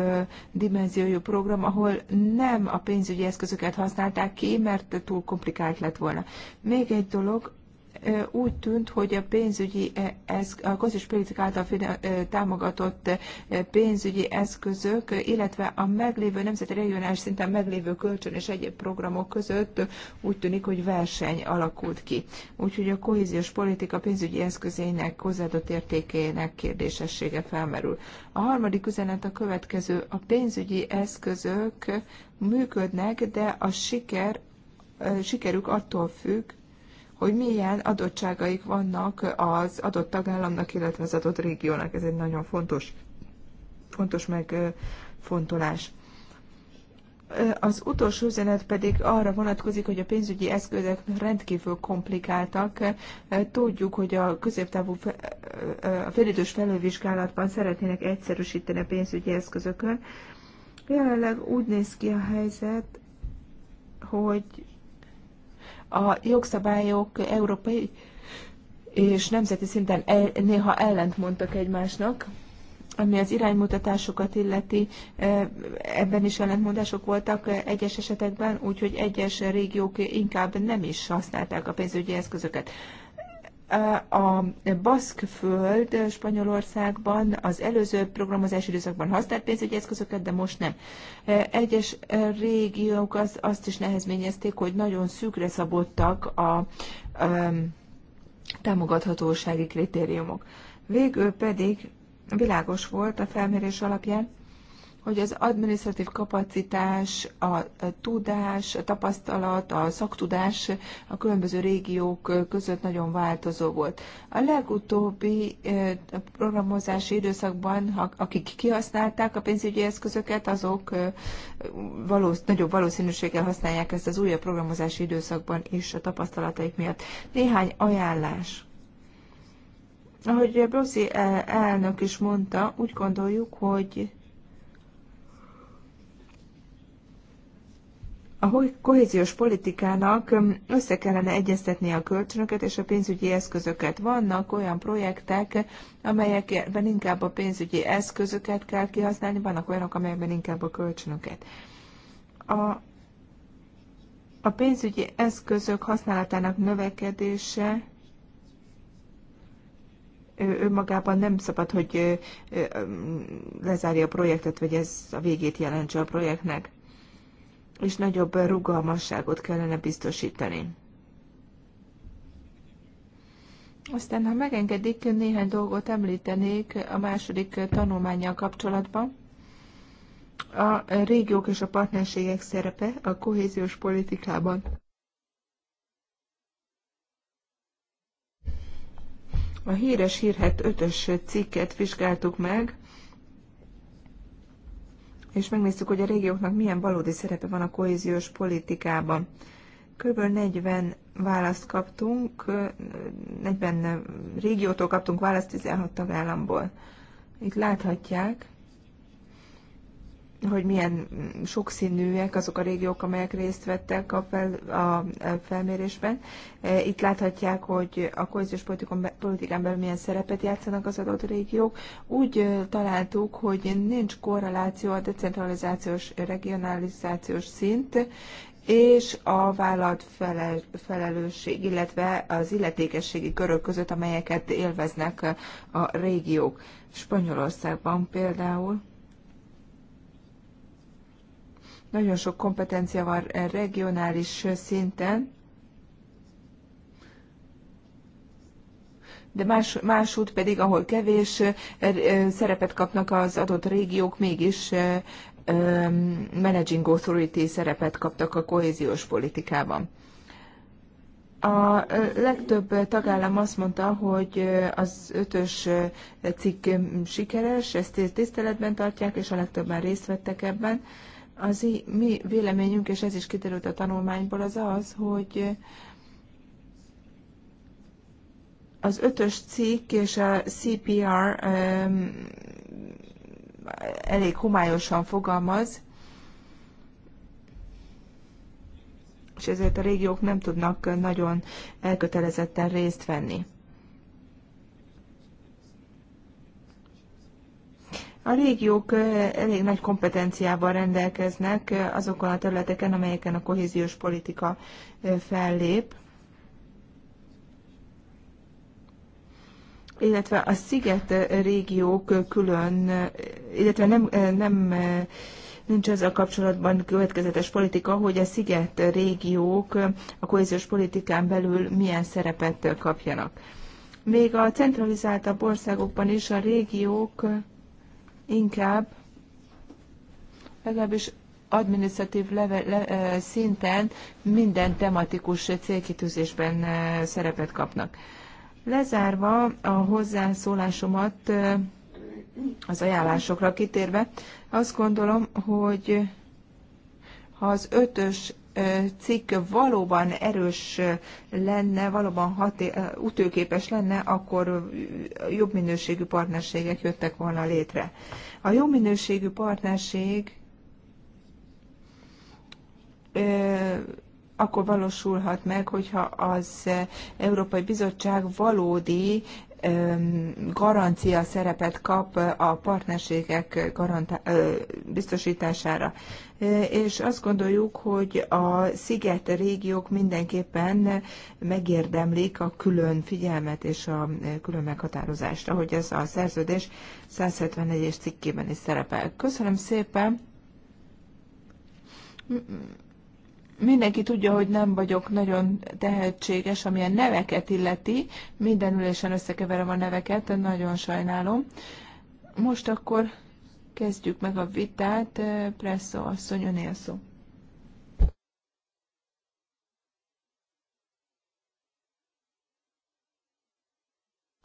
dimenziójú program, ahol nem a pénzügyi eszközöket használták ki, mert túl komplikált lett volna. Még egy dolog, úgy tűnt, hogy a pénzügyi, ez, a közös által támogatott pénzügyi eszközök, illetve a meglévő nemzeti regionális szinten meglévő kölcsön és egyéb programok között úgy tűnik, hogy verseny alakult ki. Úgyhogy a kohéziós politika pénzügyi eszközének hozzáadott értékének kérdésessége felmerül. A harmadik üzenet a következő. A pénzügyi eszközök működnek, de a siker, sikerük attól függ, hogy milyen adottságaik vannak az adott tagállamnak, illetve az adott régiónak. Ez egy nagyon fontos, fontos megfontolás. Az utolsó üzenet pedig arra vonatkozik, hogy a pénzügyi eszközök rendkívül komplikáltak. Tudjuk, hogy a középtávú a félidős felővizsgálatban szeretnének egyszerűsíteni a pénzügyi eszközökön. Jelenleg úgy néz ki a helyzet, hogy a jogszabályok európai és nemzeti szinten el, néha ellentmondtak egymásnak, ami az iránymutatásokat illeti, e, ebben is ellentmondások voltak egyes esetekben, úgyhogy egyes régiók inkább nem is használták a pénzügyi eszközöket a baszk föld, Spanyolországban az előző programozási időszakban használt pénzügyi eszközöket, de most nem. E, egyes régiók az, azt is nehezményezték, hogy nagyon szűkre szabottak a, a támogathatósági kritériumok. Végül pedig világos volt a felmérés alapján, hogy az administratív kapacitás, a tudás, a tapasztalat, a szaktudás a különböző régiók között nagyon változó volt. A legutóbbi programozási időszakban, akik kihasználták a pénzügyi eszközöket, azok valósz, nagyobb valószínűséggel használják ezt az újabb programozási időszakban is a tapasztalataik miatt. Néhány ajánlás. Ahogy Brossi elnök is mondta, úgy gondoljuk, hogy a kohéziós politikának össze kellene egyeztetni a kölcsönöket és a pénzügyi eszközöket. Vannak olyan projektek, amelyekben inkább a pénzügyi eszközöket kell kihasználni, vannak olyanok, amelyekben inkább a kölcsönöket. A, a pénzügyi eszközök használatának növekedése önmagában nem szabad, hogy lezárja a projektet, vagy ez a végét jelentse a projektnek és nagyobb rugalmasságot kellene biztosítani. Aztán, ha megengedik, néhány dolgot említenék a második tanulmányjal kapcsolatban. A régiók és a partnerségek szerepe a kohéziós politikában. A híres hírhet ötös cikket vizsgáltuk meg, és megnéztük, hogy a régióknak milyen valódi szerepe van a kohéziós politikában. Körülbelül 40 választ kaptunk, 40 régiótól kaptunk választ 16 tagállamból. Itt láthatják, hogy milyen sokszínűek azok a régiók, amelyek részt vettek a, fel, a felmérésben. E, itt láthatják, hogy a kohéziós politikán belül milyen szerepet játszanak az adott régiók. Úgy találtuk, hogy nincs korreláció a decentralizációs, regionalizációs szint és a vállalat felelősség, illetve az illetékességi körök között, amelyeket élveznek a régiók. Spanyolországban például nagyon sok kompetencia van regionális szinten, de más, út pedig, ahol kevés eh, eh, szerepet kapnak az adott régiók, mégis eh, managing authority szerepet kaptak a kohéziós politikában. A legtöbb tagállam azt mondta, hogy az ötös cikk mm, sikeres, ezt tiszteletben tartják, és a legtöbben részt vettek ebben. Az mi véleményünk, és ez is kiderült a tanulmányból, az az, hogy az ötös cikk és a CPR elég homályosan fogalmaz, és ezért a régiók nem tudnak nagyon elkötelezetten részt venni. A régiók elég nagy kompetenciával rendelkeznek azokon a területeken, amelyeken a kohéziós politika fellép, illetve a sziget régiók külön, illetve nem, nem nincs a kapcsolatban következetes politika, hogy a sziget régiók a kohéziós politikán belül milyen szerepet kapjanak. Még a centralizáltabb országokban is a régiók inkább legalábbis adminisztratív leve, le, szinten minden tematikus célkitűzésben szerepet kapnak. Lezárva a hozzászólásomat az ajánlásokra kitérve, azt gondolom, hogy ha az ötös cikk valóban erős lenne, valóban haté- utőképes lenne, akkor jobb minőségű partnerségek jöttek volna létre. A jó minőségű partnerség akkor valósulhat meg, hogyha az Európai Bizottság valódi garancia szerepet kap a partnerségek garanta biztosítására és azt gondoljuk, hogy a sziget régiók mindenképpen megérdemlik a külön figyelmet és a külön meghatározást, ahogy ez a szerződés 171-es cikkében is szerepel. Köszönöm szépen! mindenki tudja, hogy nem vagyok nagyon tehetséges, ami a neveket illeti. Minden ülésen összekeverem a neveket, nagyon sajnálom. Most akkor Kezdjük meg a vitát. Eh, Presszó asszony, él szó.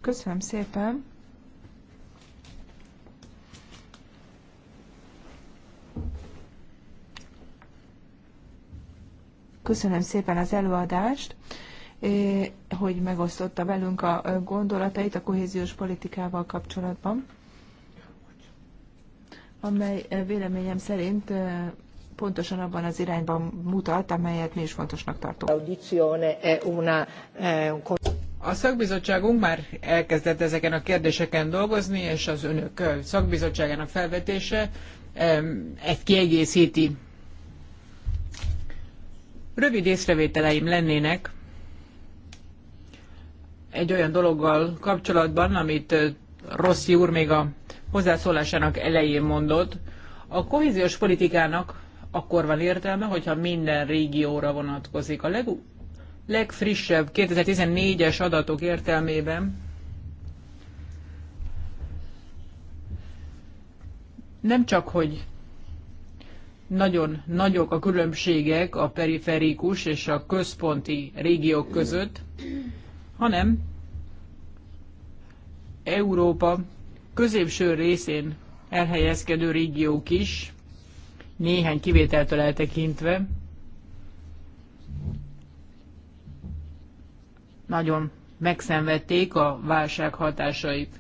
Köszönöm szépen. Köszönöm szépen az előadást, eh, hogy megosztotta velünk a eh, gondolatait a kohéziós politikával kapcsolatban amely eh, véleményem szerint eh, pontosan abban az irányban mutat, amelyet mi is fontosnak tartunk. Eh, a szakbizottságunk már elkezdett ezeken a kérdéseken dolgozni, és az önök szakbizottságának felvetése ezt kiegészíti. Rövid észrevételeim lennének egy olyan dologgal kapcsolatban, amit Rossi úr még a hozzászólásának elején mondott, a kohéziós politikának akkor van értelme, hogyha minden régióra vonatkozik. A leg, legfrissebb 2014-es adatok értelmében nem csak, hogy nagyon nagyok a különbségek a periférikus és a központi régiók között, hanem Európa középső részén elhelyezkedő régiók is, néhány kivételtől eltekintve, nagyon megszenvedték a válság hatásait.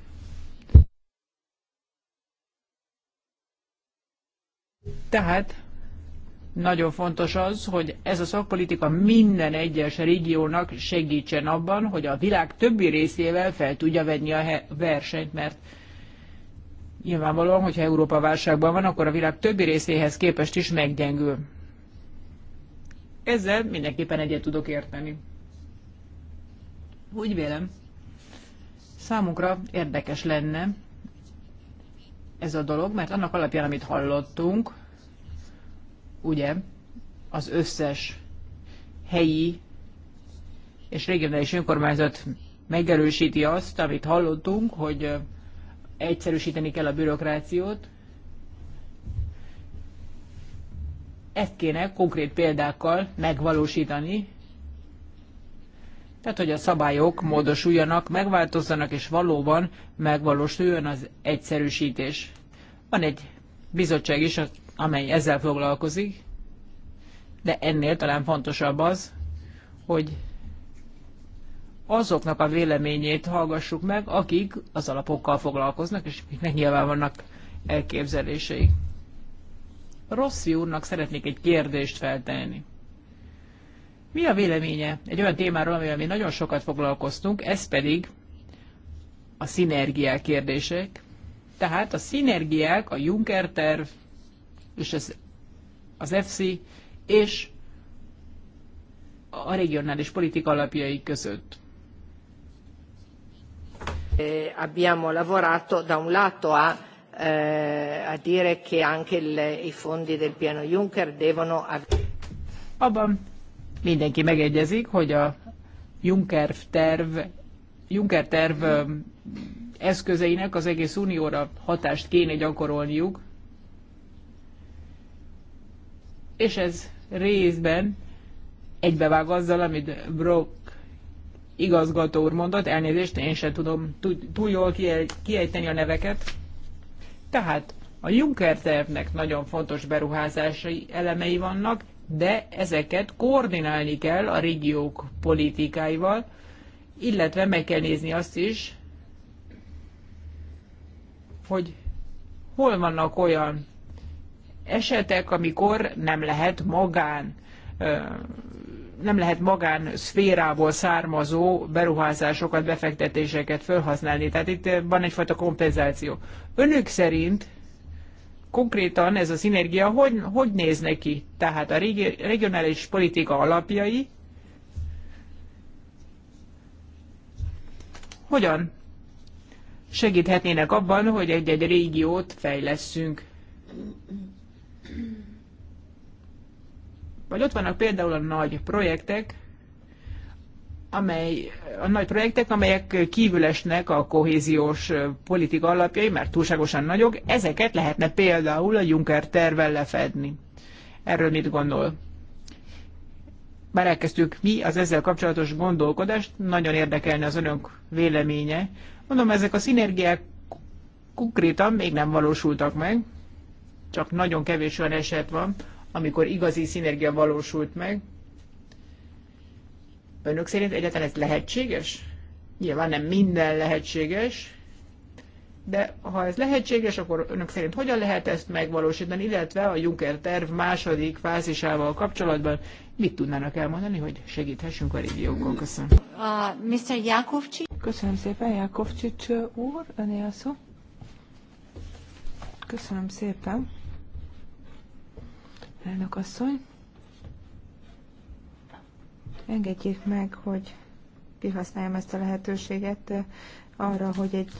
Tehát nagyon fontos az, hogy ez a szakpolitika minden egyes régiónak segítsen abban, hogy a világ többi részével fel tudja venni a versenyt, mert nyilvánvalóan, hogyha Európa válságban van, akkor a világ többi részéhez képest is meggyengül. Ezzel mindenképpen egyet tudok érteni. Úgy vélem, számunkra érdekes lenne ez a dolog, mert annak alapján, amit hallottunk, ugye az összes helyi és regionális önkormányzat megerősíti azt, amit hallottunk, hogy egyszerűsíteni kell a bürokrációt. Ezt kéne konkrét példákkal megvalósítani, tehát, hogy a szabályok módosuljanak, megváltozzanak, és valóban megvalósuljon az egyszerűsítés. Van egy bizottság is, amely ezzel foglalkozik, de ennél talán fontosabb az, hogy azoknak a véleményét hallgassuk meg, akik az alapokkal foglalkoznak, és akiknek nyilván vannak elképzelései. Rossz úrnak szeretnék egy kérdést feltenni. Mi a véleménye egy olyan témáról, amivel mi nagyon sokat foglalkoztunk, ez pedig a szinergiák kérdések. Tehát a szinergiák, a Juncker terv, és ez az FC, és a regionális politika alapjai között. E abbiamo lavorato da un lato a, eh, a dire che anche le, i fondi del piano Juncker devono Abban mindenki megegyezik, hogy a Juncker terv, Juncker terv eszközeinek az egész unióra hatást kéne gyakorolniuk, és ez részben egybevág azzal, amit Bro igazgató úr mondott, elnézést, én sem tudom túl jól kiejteni a neveket. Tehát a Juncker tervnek nagyon fontos beruházási elemei vannak, de ezeket koordinálni kell a régiók politikáival, illetve meg kell nézni azt is, hogy hol vannak olyan esetek, amikor nem lehet magán nem lehet magán szférából származó beruházásokat, befektetéseket felhasználni. Tehát itt eh, van egyfajta kompenzáció. Önök szerint konkrétan ez a szinergia hogy, hogy néz neki? Tehát a regionális politika alapjai hogyan segíthetnének abban, hogy egy-egy régiót fejlesszünk? Vagy ott vannak például a nagy projektek, amely, a nagy projektek, amelyek kívülesnek a kohéziós politika alapjai, mert túlságosan nagyok, ezeket lehetne például a Juncker tervvel lefedni. Erről mit gondol? Már elkezdtük mi az ezzel kapcsolatos gondolkodást, nagyon érdekelne az önök véleménye. Mondom, ezek a szinergiák konkrétan még nem valósultak meg, csak nagyon kevés olyan eset van, amikor igazi szinergia valósult meg. Önök szerint egyáltalán ez lehetséges? Nyilván nem minden lehetséges, de ha ez lehetséges, akkor önök szerint hogyan lehet ezt megvalósítani, illetve a Juncker terv második fázisával kapcsolatban mit tudnának elmondani, hogy segíthessünk a régiókkal? Köszönöm. Uh, Mr. Jakovcsi. Köszönöm szépen, Jakovcsics uh, úr, öné a szó. Köszönöm szépen elnök asszony. Engedjék meg, hogy kihasználjam ezt a lehetőséget eh, arra, hogy egy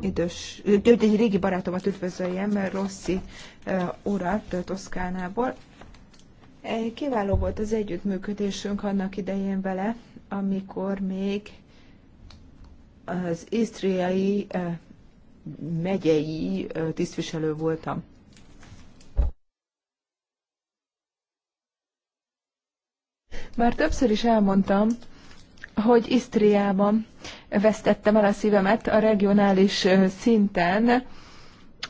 idős, egy régi barátomat üdvözöljem, Rossi eh, urat eh, Toszkánából. Kiváló volt az együttműködésünk annak idején vele, amikor még az isztriai megyei tisztviselő voltam. Már többször is elmondtam, hogy Isztriában vesztettem el a szívemet a regionális szinten,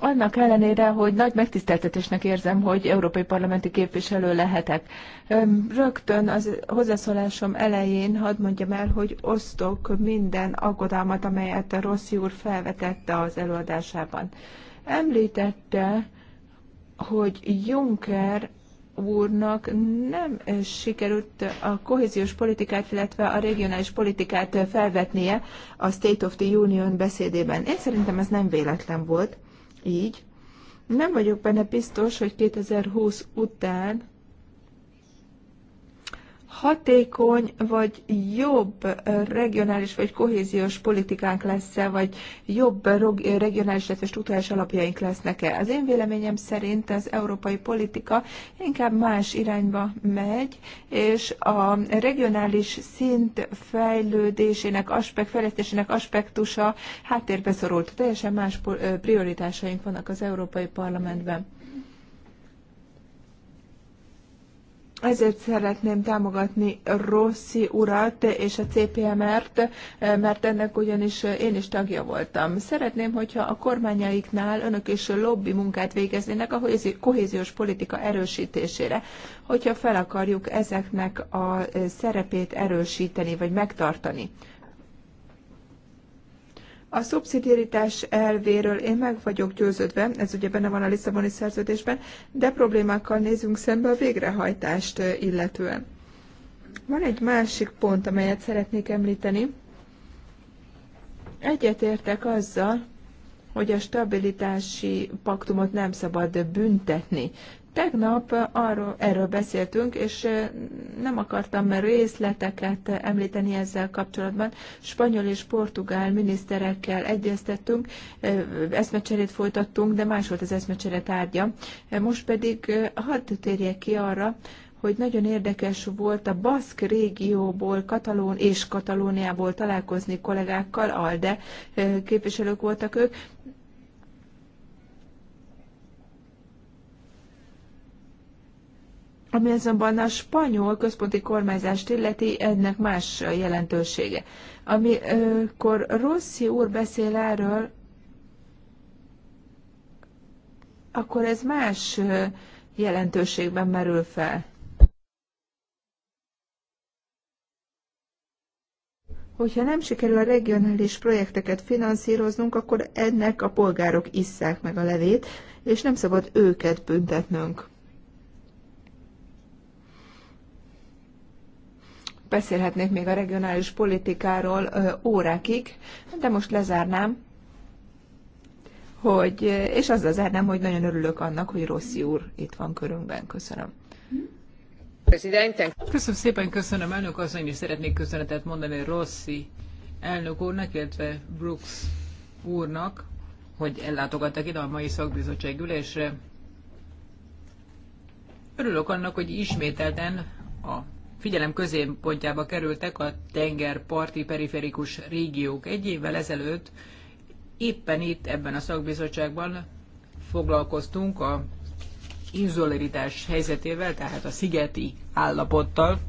annak ellenére, hogy nagy megtiszteltetésnek érzem, hogy európai parlamenti képviselő lehetek. Rögtön az hozzászólásom elején hadd mondjam el, hogy osztok minden aggodalmat, amelyet a Rossi úr felvetette az előadásában. Említette, hogy Juncker úrnak nem eh, sikerült a kohéziós politikát, illetve a regionális politikát eh, felvetnie a State of the Union beszédében. Én szerintem ez nem véletlen volt így. Nem vagyok benne biztos, hogy 2020 után hatékony vagy jobb regionális vagy kohéziós politikánk lesz-e, vagy jobb regionális, illetve struktúrás alapjaink lesznek-e. Az én véleményem szerint az európai politika inkább más irányba megy, és a regionális szint fejlődésének, aspekt, fejlesztésének aspektusa háttérbe szorult. Teljesen más prioritásaink vannak az Európai Parlamentben. Ezért szeretném támogatni Rossi urat és a CPMR-t, mert ennek ugyanis én is tagja voltam. Szeretném, hogyha a kormányaiknál önök is lobby munkát végeznének a kohéziós politika erősítésére, hogyha fel akarjuk ezeknek a szerepét erősíteni vagy megtartani a szubszidiaritás elvéről én meg vagyok győződve, ez ugye benne van a Lisszaboni szerződésben, de problémákkal nézünk szembe a végrehajtást illetően. Van egy másik pont, amelyet szeretnék említeni. Egyetértek azzal, hogy a stabilitási paktumot nem szabad büntetni. Tegnap arról, erről beszéltünk, és nem akartam részleteket említeni ezzel kapcsolatban. Spanyol és portugál miniszterekkel egyeztettünk, eszmecserét folytattunk, de más volt az eszmecsere tárgya. Most pedig hadd térjek ki arra, hogy nagyon érdekes volt a Baszk régióból, Katalón és Katalóniából találkozni kollégákkal, ALDE képviselők voltak ők, Ami azonban a spanyol központi kormányzást illeti, ennek más jelentősége. Amikor Rossi úr beszél erről, akkor ez más jelentőségben merül fel. Hogyha nem sikerül a regionális projekteket finanszíroznunk, akkor ennek a polgárok isszák meg a levét, és nem szabad őket büntetnünk. beszélhetnék még a regionális politikáról órákig, de most lezárnám, hogy, és azzal zárnám, hogy nagyon örülök annak, hogy Rossi úr itt van körünkben. Köszönöm. Köszönöm szépen, köszönöm elnök asszony, és szeretnék köszönetet mondani Rossi elnök úrnak, illetve Brooks úrnak, hogy ellátogattak ide a mai szakbizottság ülésre. Örülök annak, hogy ismételten a figyelem középpontjába kerültek a tengerparti periférikus régiók. Egy évvel ezelőtt éppen itt, ebben a szakbizottságban foglalkoztunk a inzolaritás helyzetével, tehát a szigeti állapottal.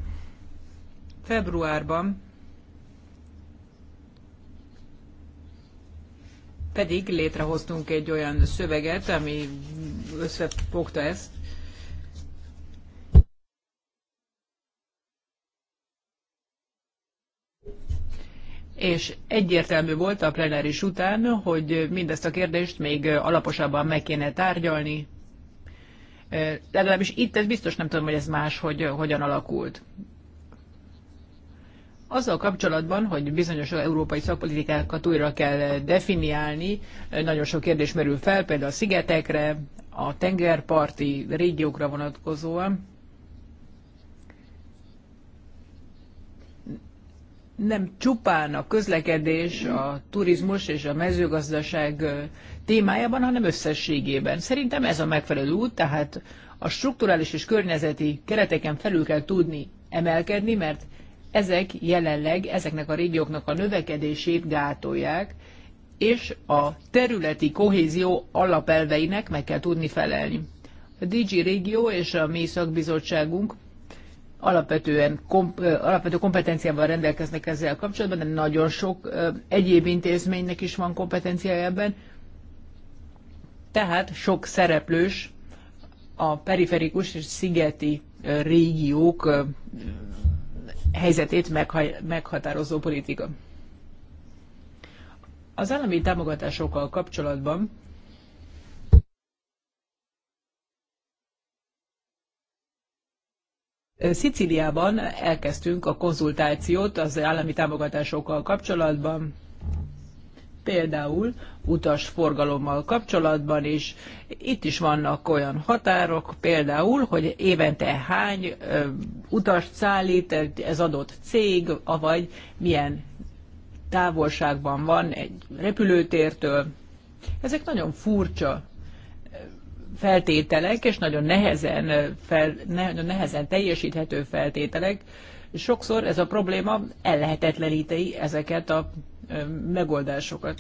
Februárban pedig létrehoztunk egy olyan szöveget, ami összefogta ezt, és egyértelmű volt a plenáris után, hogy mindezt a kérdést még alaposabban meg kéne tárgyalni. Legalábbis itt ez biztos nem tudom, hogy ez más, hogy hogyan alakult. Azzal kapcsolatban, hogy bizonyos európai szakpolitikákat újra kell definiálni, nagyon sok kérdés merül fel, például a szigetekre, a tengerparti régiókra vonatkozóan. nem csupán a közlekedés, a turizmus és a mezőgazdaság témájában, hanem összességében. Szerintem ez a megfelelő út, tehát a strukturális és környezeti kereteken felül kell tudni emelkedni, mert ezek jelenleg ezeknek a régióknak a növekedését gátolják, és a területi kohézió alapelveinek meg kell tudni felelni. A DG régió és a mi szakbizottságunk alapvetően komp, alapvető kompetenciával rendelkeznek ezzel kapcsolatban, de nagyon sok egyéb intézménynek is van kompetenciája ebben. Tehát sok szereplős a periferikus és szigeti régiók helyzetét meghatározó politika. Az állami támogatásokkal kapcsolatban Szicíliában elkezdtünk a konzultációt az állami támogatásokkal kapcsolatban, például utas forgalommal kapcsolatban is. Itt is vannak olyan határok, például, hogy évente hány utas utast szállít ez adott cég, avagy milyen távolságban van egy repülőtértől. Ezek nagyon furcsa feltételek, és nagyon nehezen, fel, nagyon nehezen teljesíthető feltételek. Sokszor ez a probléma ellehetetleníti ezeket a megoldásokat.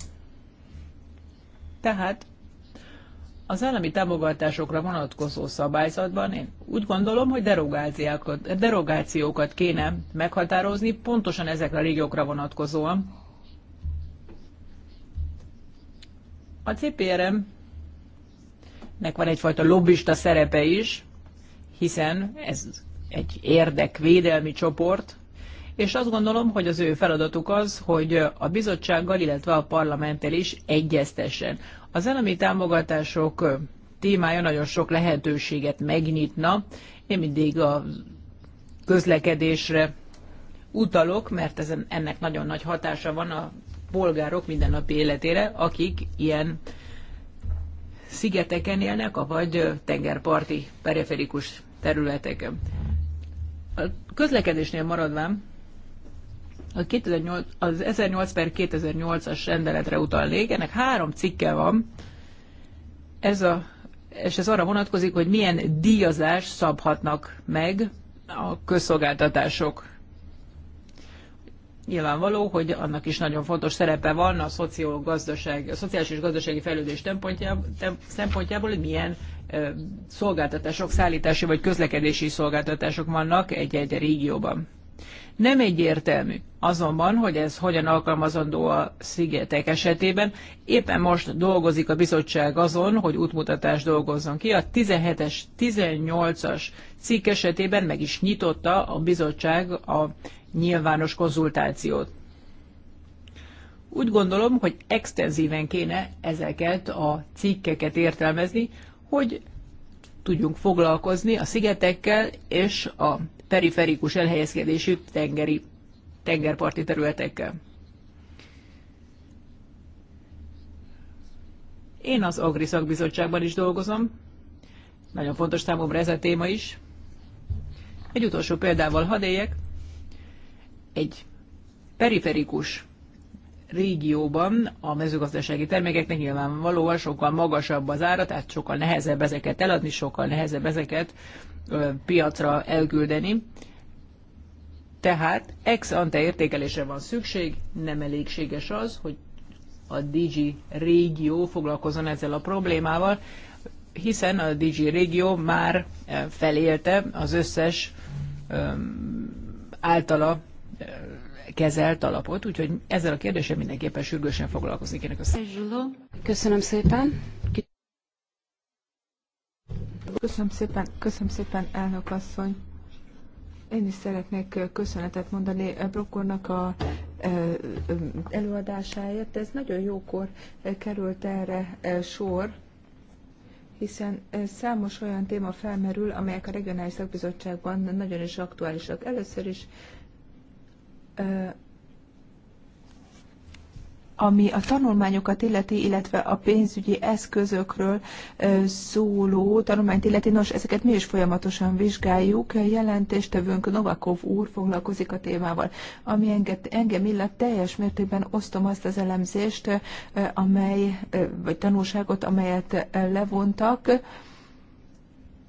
Tehát az állami támogatásokra vonatkozó szabályzatban én úgy gondolom, hogy derogációkat, derogációkat kéne meghatározni pontosan ezekre a régiókra vonatkozóan. A CPRM nek van egyfajta lobbista szerepe is, hiszen ez egy érdekvédelmi csoport, és azt gondolom, hogy az ő feladatuk az, hogy a bizottsággal, illetve a parlamenttel is egyeztessen. Az állami támogatások témája nagyon sok lehetőséget megnyitna. Én mindig a közlekedésre utalok, mert ezen, ennek nagyon nagy hatása van a polgárok mindennapi életére, akik ilyen szigeteken élnek, avagy tengerparti periferikus területeken. A közlekedésnél maradván a 2008, az 1008 per 2008-as rendeletre utalnék, ennek három cikke van, ez a, és ez arra vonatkozik, hogy milyen díjazás szabhatnak meg a közszolgáltatások Nyilvánvaló, hogy annak is nagyon fontos szerepe van a, a szociális és gazdasági fejlődés szempontjából, hogy milyen szolgáltatások, szállítási vagy közlekedési szolgáltatások vannak egy-egy régióban. Nem egyértelmű azonban, hogy ez hogyan alkalmazandó a szigetek esetében. Éppen most dolgozik a bizottság azon, hogy útmutatást dolgozzon ki. A 17-es, 18-as cikk esetében meg is nyitotta a bizottság a nyilvános konzultációt. Úgy gondolom, hogy extenzíven kéne ezeket a cikkeket értelmezni, hogy tudjunk foglalkozni a szigetekkel és a periferikus elhelyezkedésű tengeri, tengerparti területekkel. Én az Agri Szakbizottságban is dolgozom. Nagyon fontos számomra ez a téma is. Egy utolsó példával hadélyek. éljek egy periferikus régióban a mezőgazdasági termékeknek nyilvánvalóan sokkal magasabb az ára, tehát sokkal nehezebb ezeket eladni, sokkal nehezebb ezeket ö, piacra elküldeni. Tehát ex ante értékelésre van szükség, nem elégséges az, hogy a Digi régió foglalkozzon ezzel a problémával, hiszen a Digi régió már felélte az összes általa kezelt alapot, úgyhogy ezzel a kérdéssel mindenképpen sürgősen foglalkozni kéne. Köszönöm, Köszönöm szépen. Köszönöm szépen, köszönöm szépen, elnök asszony. Én is szeretnék köszönetet mondani Brokornak a előadásáért. Ez nagyon jókor került erre sor, hiszen számos olyan téma felmerül, amelyek a regionális szakbizottságban nagyon is aktuálisak. Először is ami a tanulmányokat illeti, illetve a pénzügyi eszközökről szóló tanulmányt illeti, nos, ezeket mi is folyamatosan vizsgáljuk. Jelentéstevőnk Novakov úr foglalkozik a témával. Ami engem illet, teljes mértékben osztom azt az elemzést, amely, vagy tanulságot, amelyet levontak.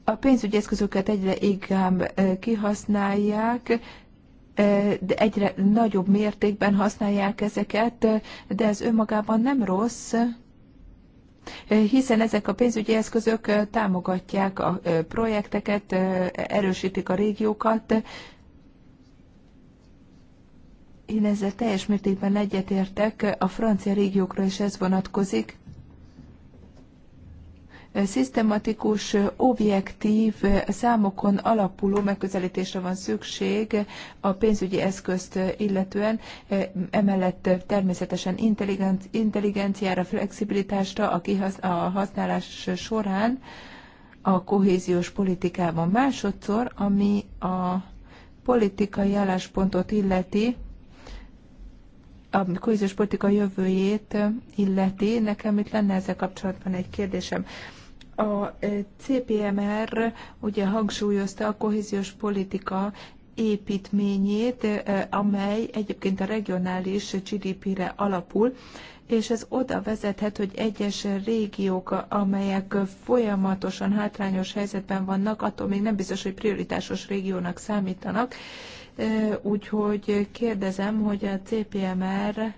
A pénzügyi eszközöket egyre inkább kihasználják, de egyre nagyobb mértékben használják ezeket, de ez önmagában nem rossz, hiszen ezek a pénzügyi eszközök támogatják a projekteket, erősítik a régiókat. Én ezzel teljes mértékben egyetértek, a francia régiókra is ez vonatkozik szisztematikus, objektív számokon alapuló megközelítésre van szükség a pénzügyi eszközt illetően, emellett természetesen intelligenciára, flexibilitásra a, kihasz, a használás során a kohéziós politikában. Másodszor, ami a politikai álláspontot illeti, a kohéziós politika jövőjét illeti. Nekem itt lenne ezzel kapcsolatban egy kérdésem. A CPMR ugye hangsúlyozta a kohéziós politika építményét, amely egyébként a regionális GDP-re alapul, és ez oda vezethet, hogy egyes régiók, amelyek folyamatosan hátrányos helyzetben vannak, attól még nem biztos, hogy prioritásos régiónak számítanak. Úgyhogy kérdezem, hogy a CPMR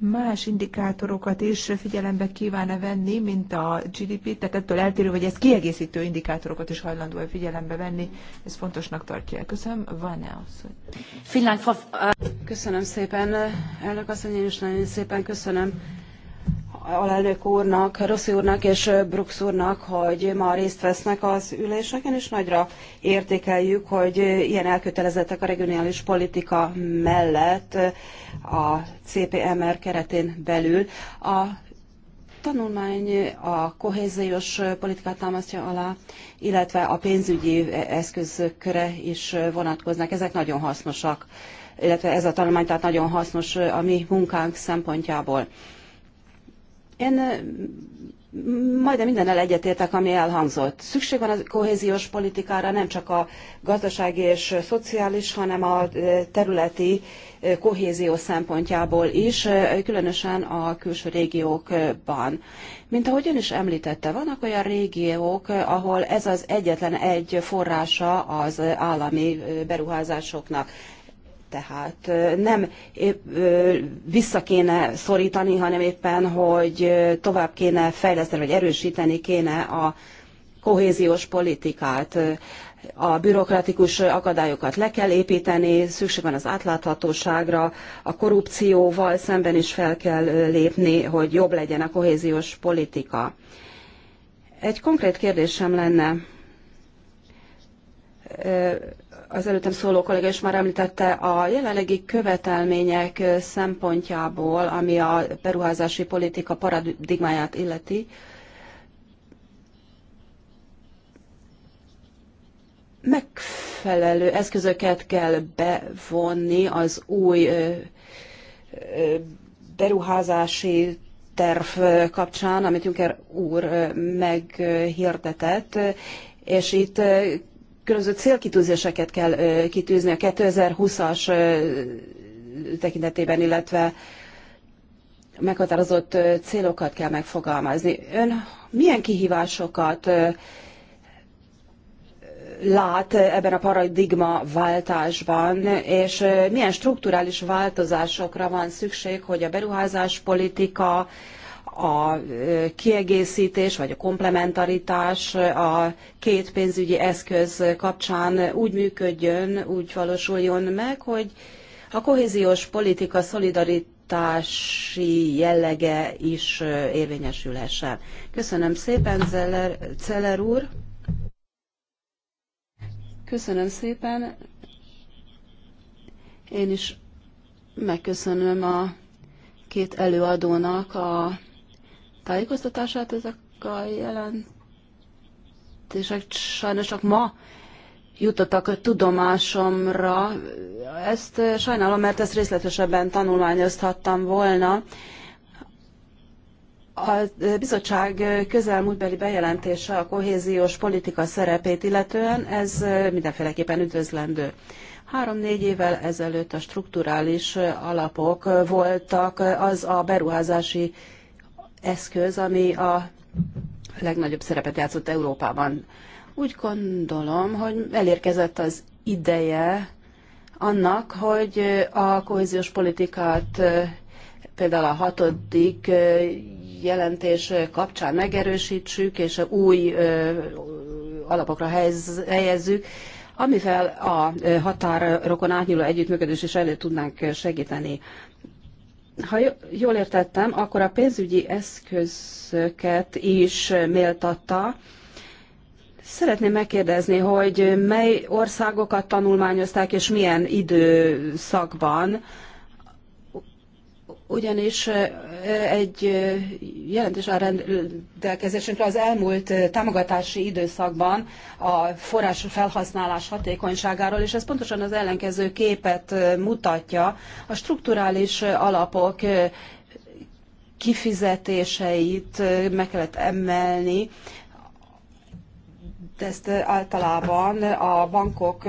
más indikátorokat is figyelembe kívánna venni, mint a GDP, tehát ettől eltérő, vagy ez kiegészítő indikátorokat is hajlandó -e figyelembe venni, ez fontosnak tartja. Köszönöm, van-e hogy... Köszönöm szépen, elnök asszony, én is nagyon szépen köszönöm alelnök úrnak, Rossi úrnak és Brooks úrnak, hogy ma részt vesznek az üléseken, és nagyra értékeljük, hogy ilyen elkötelezettek a regionális politika mellett a CPMR keretén belül. A tanulmány a kohéziós politikát támasztja alá, illetve a pénzügyi eszközökre is vonatkoznak. Ezek nagyon hasznosak, illetve ez a tanulmány tehát nagyon hasznos a mi munkánk szempontjából. Én majdnem mindennel egyetértek, ami elhangzott. Szükség van a kohéziós politikára, nem csak a gazdasági és szociális, hanem a területi kohézió szempontjából is, különösen a külső régiókban. Mint ahogy ön is említette, vannak olyan régiók, ahol ez az egyetlen egy forrása az állami beruházásoknak. Tehát nem vissza kéne szorítani, hanem éppen, hogy tovább kéne fejleszteni, vagy erősíteni kéne a kohéziós politikát. A bürokratikus akadályokat le kell építeni, szükség van az átláthatóságra, a korrupcióval szemben is fel kell lépni, hogy jobb legyen a kohéziós politika. Egy konkrét kérdésem lenne az előttem szóló kollega is már említette, a jelenlegi követelmények szempontjából, ami a beruházási politika paradigmáját illeti, megfelelő eszközöket kell bevonni az új beruházási terv kapcsán, amit Juncker úr meghirdetett, és itt különböző célkitűzéseket kell kitűzni a 2020-as tekintetében, illetve meghatározott célokat kell megfogalmazni. Ön milyen kihívásokat lát ebben a paradigma váltásban, és milyen strukturális változásokra van szükség, hogy a beruházás politika, a kiegészítés vagy a komplementaritás a két pénzügyi eszköz kapcsán úgy működjön, úgy valósuljon meg, hogy a kohéziós politika szolidaritási jellege is érvényesülhessen. Köszönöm szépen, Zeller, Zeller úr! Köszönöm szépen! Én is megköszönöm a két előadónak a tájékoztatását. Ezek a jelentések sajnos csak ma jutottak a tudomásomra. Ezt sajnálom, mert ezt részletesebben tanulmányozhattam volna. A bizottság közelmúltbeli bejelentése a kohéziós politika szerepét illetően, ez mindenféleképpen üdvözlendő. Három-négy évvel ezelőtt a strukturális alapok voltak az a beruházási eszköz, ami a legnagyobb szerepet játszott Európában. Úgy gondolom, hogy elérkezett az ideje annak, hogy a kohéziós politikát például a hatodik jelentés kapcsán megerősítsük, és új alapokra helyezzük, amivel a határokon átnyúló együttműködés is elő tudnánk segíteni ha jól értettem, akkor a pénzügyi eszközöket is méltatta. Szeretném megkérdezni, hogy mely országokat tanulmányozták, és milyen időszakban ugyanis egy jelentős rendelkezésünkre az elmúlt támogatási időszakban a forrás felhasználás hatékonyságáról, és ez pontosan az ellenkező képet mutatja. A strukturális alapok kifizetéseit meg kellett emelni, de ezt általában a bankok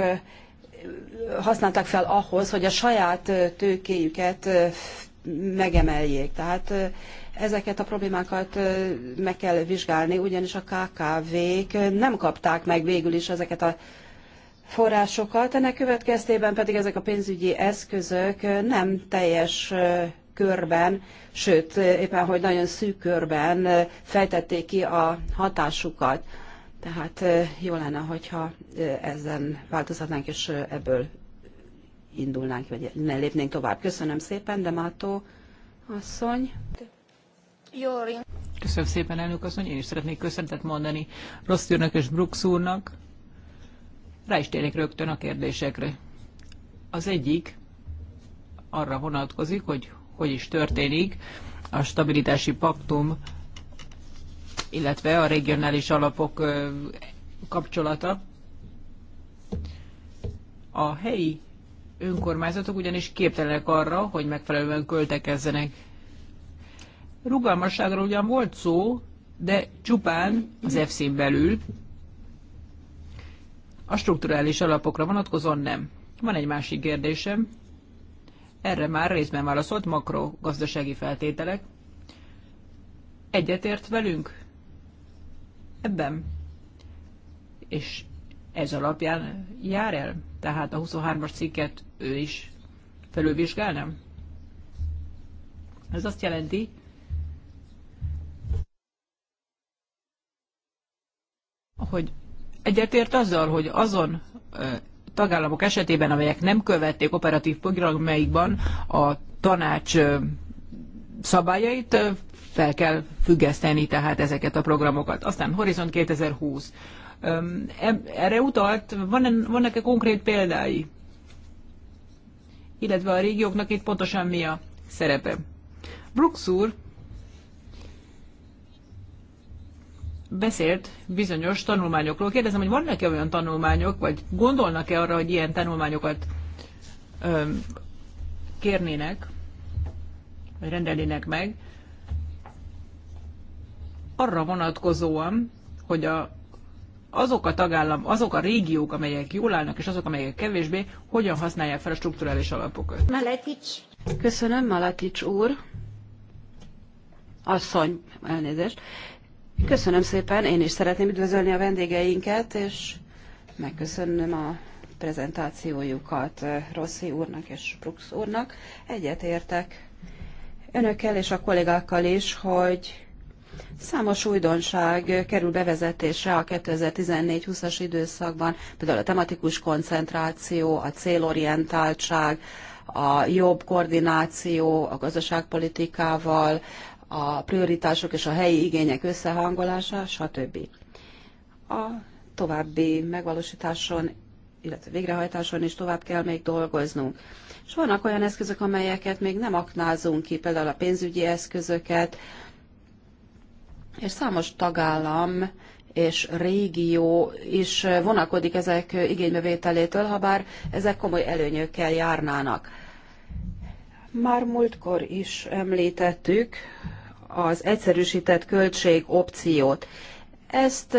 használták fel ahhoz, hogy a saját tőkéjüket megemeljék. Tehát ezeket a problémákat meg kell vizsgálni, ugyanis a KKV-k nem kapták meg végül is ezeket a forrásokat, ennek következtében pedig ezek a pénzügyi eszközök nem teljes körben, sőt, éppen hogy nagyon szűk körben fejtették ki a hatásukat. Tehát jó lenne, hogyha ezen változhatnánk, és ebből indulnánk, vagy ne lépnénk tovább. Köszönöm szépen, de Mátó asszony. Jóri. Köszönöm szépen, elnök asszony. Én is szeretnék köszöntet mondani Rossz úrnak és Brooks úrnak. Rá is térnék rögtön a kérdésekre. Az egyik arra vonatkozik, hogy hogy is történik a stabilitási paktum, illetve a regionális alapok kapcsolata. A helyi önkormányzatok ugyanis képtelenek arra, hogy megfelelően költekezzenek. Rugalmasságról ugyan volt szó, de csupán az efsz belül, a strukturális alapokra vonatkozóan nem. Van egy másik kérdésem. Erre már részben válaszolt makro gazdasági feltételek. Egyetért velünk? Ebben? És ez alapján jár el? Tehát a 23-as cikket ő is nem. Ez azt jelenti, hogy egyetért azzal, hogy azon tagállamok esetében, amelyek nem követték operatív programjaikban a tanács szabályait, fel kell függeszteni tehát ezeket a programokat. Aztán Horizont 2020. Erre utalt, vannak-e konkrét példái? Illetve a régióknak itt pontosan mi a szerepe? Brooks úr beszélt bizonyos tanulmányokról. Kérdezem, hogy vannak-e olyan tanulmányok, vagy gondolnak-e arra, hogy ilyen tanulmányokat öm, kérnének, vagy rendelnének meg, arra vonatkozóan, hogy a azok a tagállam, azok a régiók, amelyek jól állnak, és azok, amelyek kevésbé, hogyan használják fel a strukturális alapokat. Maletics. Köszönöm, Maletics úr. Asszony, elnézést. Köszönöm szépen, én is szeretném üdvözölni a vendégeinket, és megköszönöm a prezentációjukat eh, Rossi úrnak és Brooks úrnak. Egyetértek önökkel és a kollégákkal is, hogy Számos újdonság kerül bevezetésre a 2014-20-as időszakban, például a tematikus koncentráció, a célorientáltság, a jobb koordináció a gazdaságpolitikával, a prioritások és a helyi igények összehangolása, stb. A további megvalósításon, illetve végrehajtáson is tovább kell még dolgoznunk. És vannak olyan eszközök, amelyeket még nem aknázunk ki, például a pénzügyi eszközöket, és számos tagállam és régió is vonakodik ezek igénybevételétől, ha bár ezek komoly előnyökkel járnának. Már múltkor is említettük az egyszerűsített költség opciót. Ezt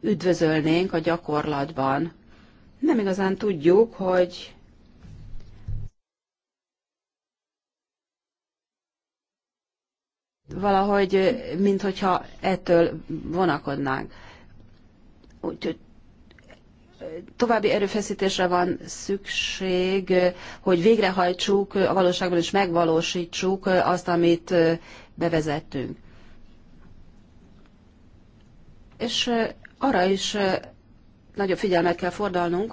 üdvözölnénk a gyakorlatban. Nem igazán tudjuk, hogy valahogy, minthogyha ettől vonakodnánk. Úgyhogy további erőfeszítésre van szükség, hogy végrehajtsuk, a valóságban is megvalósítsuk azt, amit bevezettünk. És arra is nagyobb figyelmet kell fordalnunk,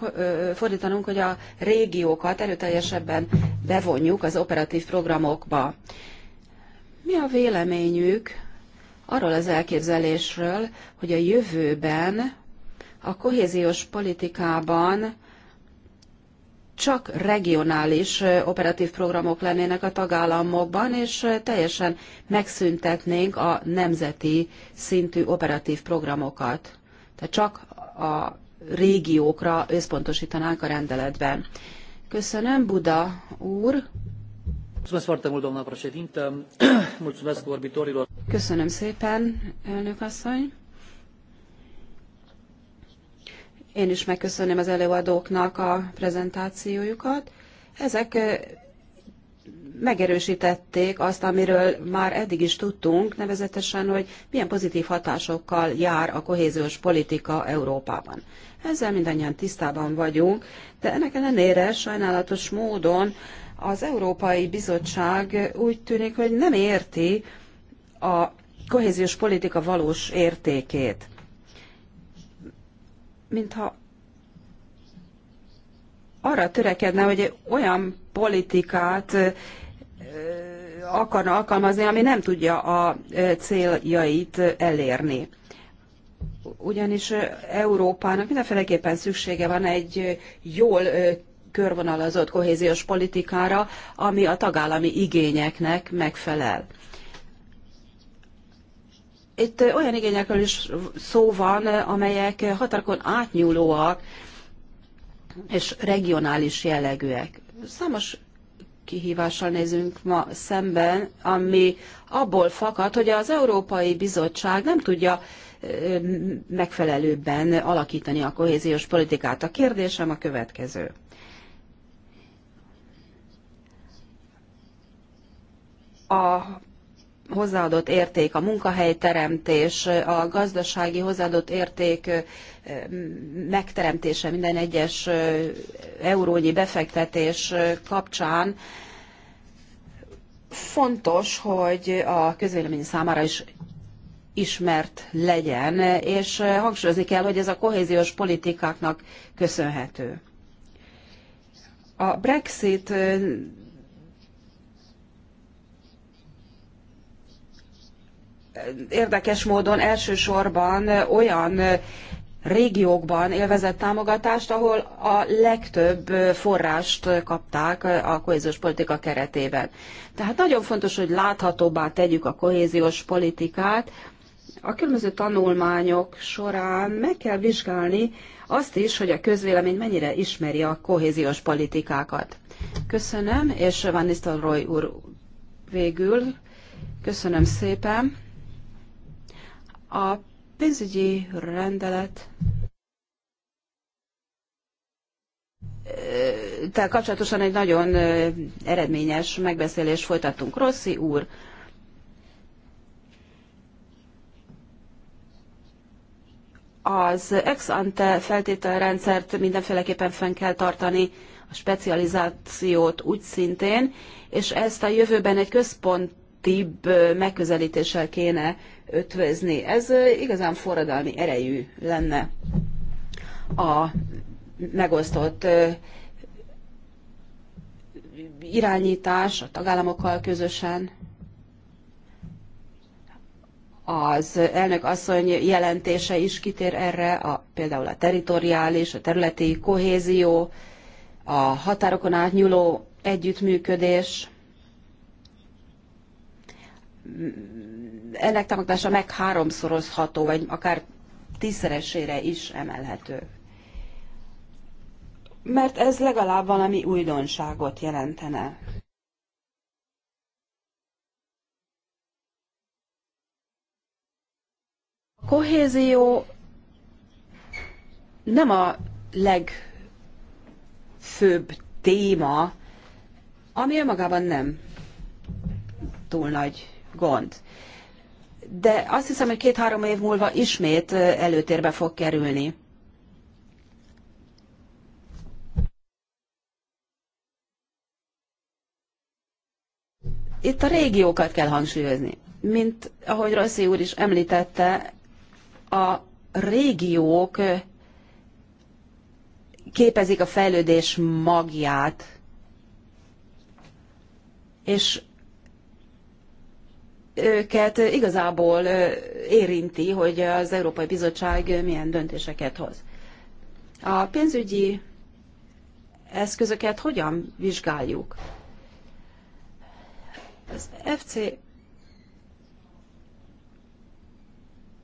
fordítanunk, hogy a régiókat erőteljesebben bevonjuk az operatív programokba. Mi a véleményük arról az elképzelésről, hogy a jövőben a kohéziós politikában csak regionális operatív programok lennének a tagállamokban, és teljesen megszüntetnénk a nemzeti szintű operatív programokat. Tehát csak a régiókra összpontosítanánk a rendeletben. Köszönöm, Buda úr. Mulțumesc foarte mult, doamna președintă. Mulțumesc vorbitorilor. Köszönöm szépen, elnök asszony. Én is megköszönöm az előadóknak a prezentációjukat. Ezek eh, megerősítették azt, amiről már eddig is tudtunk, nevezetesen, hogy milyen pozitív hatásokkal jár a kohéziós politika Európában. Ezzel mindannyian tisztában vagyunk, de ennek ellenére sajnálatos módon az Európai Bizottság úgy tűnik, hogy nem érti a kohéziós politika valós értékét. Mintha arra törekedne, hogy olyan politikát akarna alkalmazni, ami nem tudja a céljait elérni. Ugyanis Európának mindenféleképpen szüksége van egy jól körvonalazott kohéziós politikára, ami a tagállami igényeknek megfelel. Itt olyan igényekről is szó van, amelyek határokon átnyúlóak és regionális jellegűek. Számos kihívással nézünk ma szemben, ami abból fakad, hogy az Európai Bizottság nem tudja megfelelőbben alakítani a kohéziós politikát. A kérdésem a következő. a hozzáadott érték, a munkahelyteremtés, a gazdasági hozzáadott érték megteremtése minden egyes eurónyi befektetés kapcsán fontos, hogy a közvélemény számára is ismert legyen, és hangsúlyozni kell, hogy ez a kohéziós politikáknak köszönhető. A Brexit érdekes módon elsősorban olyan régiókban élvezett támogatást, ahol a legtöbb forrást kapták a kohéziós politika keretében. Tehát nagyon fontos, hogy láthatóbbá tegyük a kohéziós politikát. A különböző tanulmányok során meg kell vizsgálni azt is, hogy a közvélemény mennyire ismeri a kohéziós politikákat. Köszönöm, és Van Nistelrooy úr végül. Köszönöm szépen. A pénzügyi rendelet tehát kapcsolatosan egy nagyon eredményes megbeszélést folytattunk. Rossi úr, az ex ante feltételrendszert mindenféleképpen fenn kell tartani, a specializációt úgy szintén, és ezt a jövőben egy központibb megközelítéssel kéne ötvözni. Ez igazán forradalmi erejű lenne a megosztott irányítás a tagállamokkal közösen. Az elnök asszony jelentése is kitér erre, a, például a teritoriális, a területi kohézió, a határokon átnyúló együttműködés ennek támogatása meg háromszorozható, vagy akár tízszeresére is emelhető. Mert ez legalább valami újdonságot jelentene. A kohézió nem a legfőbb téma, ami önmagában nem túl nagy gond de azt hiszem, hogy két-három év múlva ismét előtérbe fog kerülni. Itt a régiókat kell hangsúlyozni. Mint ahogy Rossi úr is említette, a régiók képezik a fejlődés magját, és őket igazából érinti, hogy az Európai Bizottság milyen döntéseket hoz. A pénzügyi eszközöket hogyan vizsgáljuk? Az FC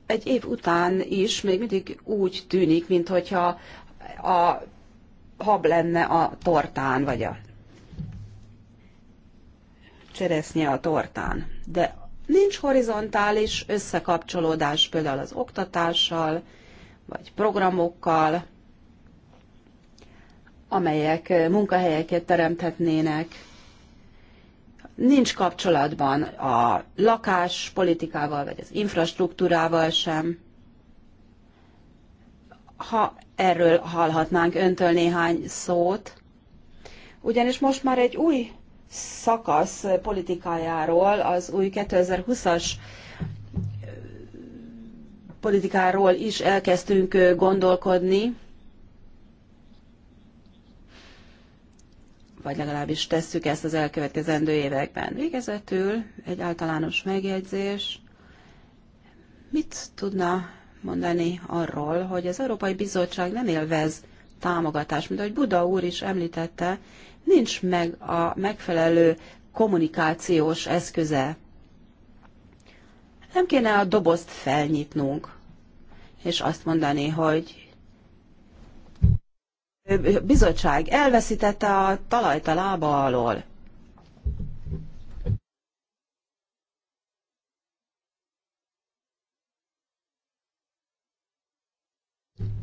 egy év után is még mindig úgy tűnik, mintha a hab lenne a tortán, vagy a cseresznye a tortán. De nincs horizontális összekapcsolódás például az oktatással, vagy programokkal, amelyek eh, munkahelyeket teremthetnének. Nincs kapcsolatban a lakáspolitikával, vagy az infrastruktúrával sem. Ha erről hallhatnánk öntől néhány szót, ugyanis most már egy új szakasz politikájáról, az új 2020-as politikáról is elkezdtünk gondolkodni, vagy legalábbis tesszük ezt az elkövetkezendő években. Végezetül egy általános megjegyzés. Mit tudna mondani arról, hogy az Európai Bizottság nem élvez támogatás. Mint ahogy Buda úr is említette, nincs meg a megfelelő kommunikációs eszköze. Nem kéne a dobozt felnyitnunk, és azt mondani, hogy bizottság elveszítette a talajt a lába alól.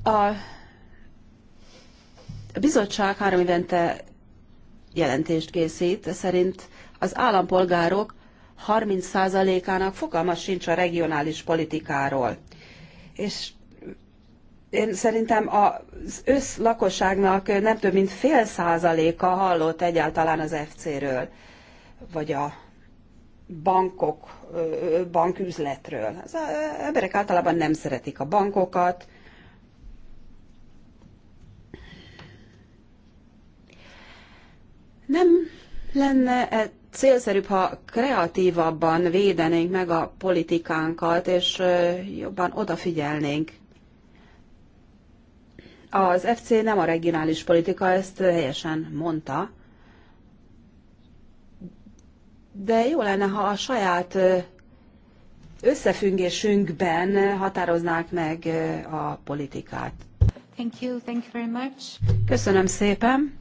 A a bizottság három évente jelentést készít, szerint az állampolgárok 30%-ának fogalma sincs a regionális politikáról. És én szerintem az összlakosságnak nem több mint fél százaléka hallott egyáltalán az FC-ről, vagy a bankok, banküzletről. Az emberek általában nem szeretik a bankokat, Nem lenne -e célszerűbb, ha kreatívabban védenénk meg a politikánkat, és jobban odafigyelnénk az FC nem a regionális politika, ezt helyesen mondta. De jó lenne, ha a saját összefüggésünkben határoznák meg a politikát. Thank you, thank you very much. Köszönöm szépen.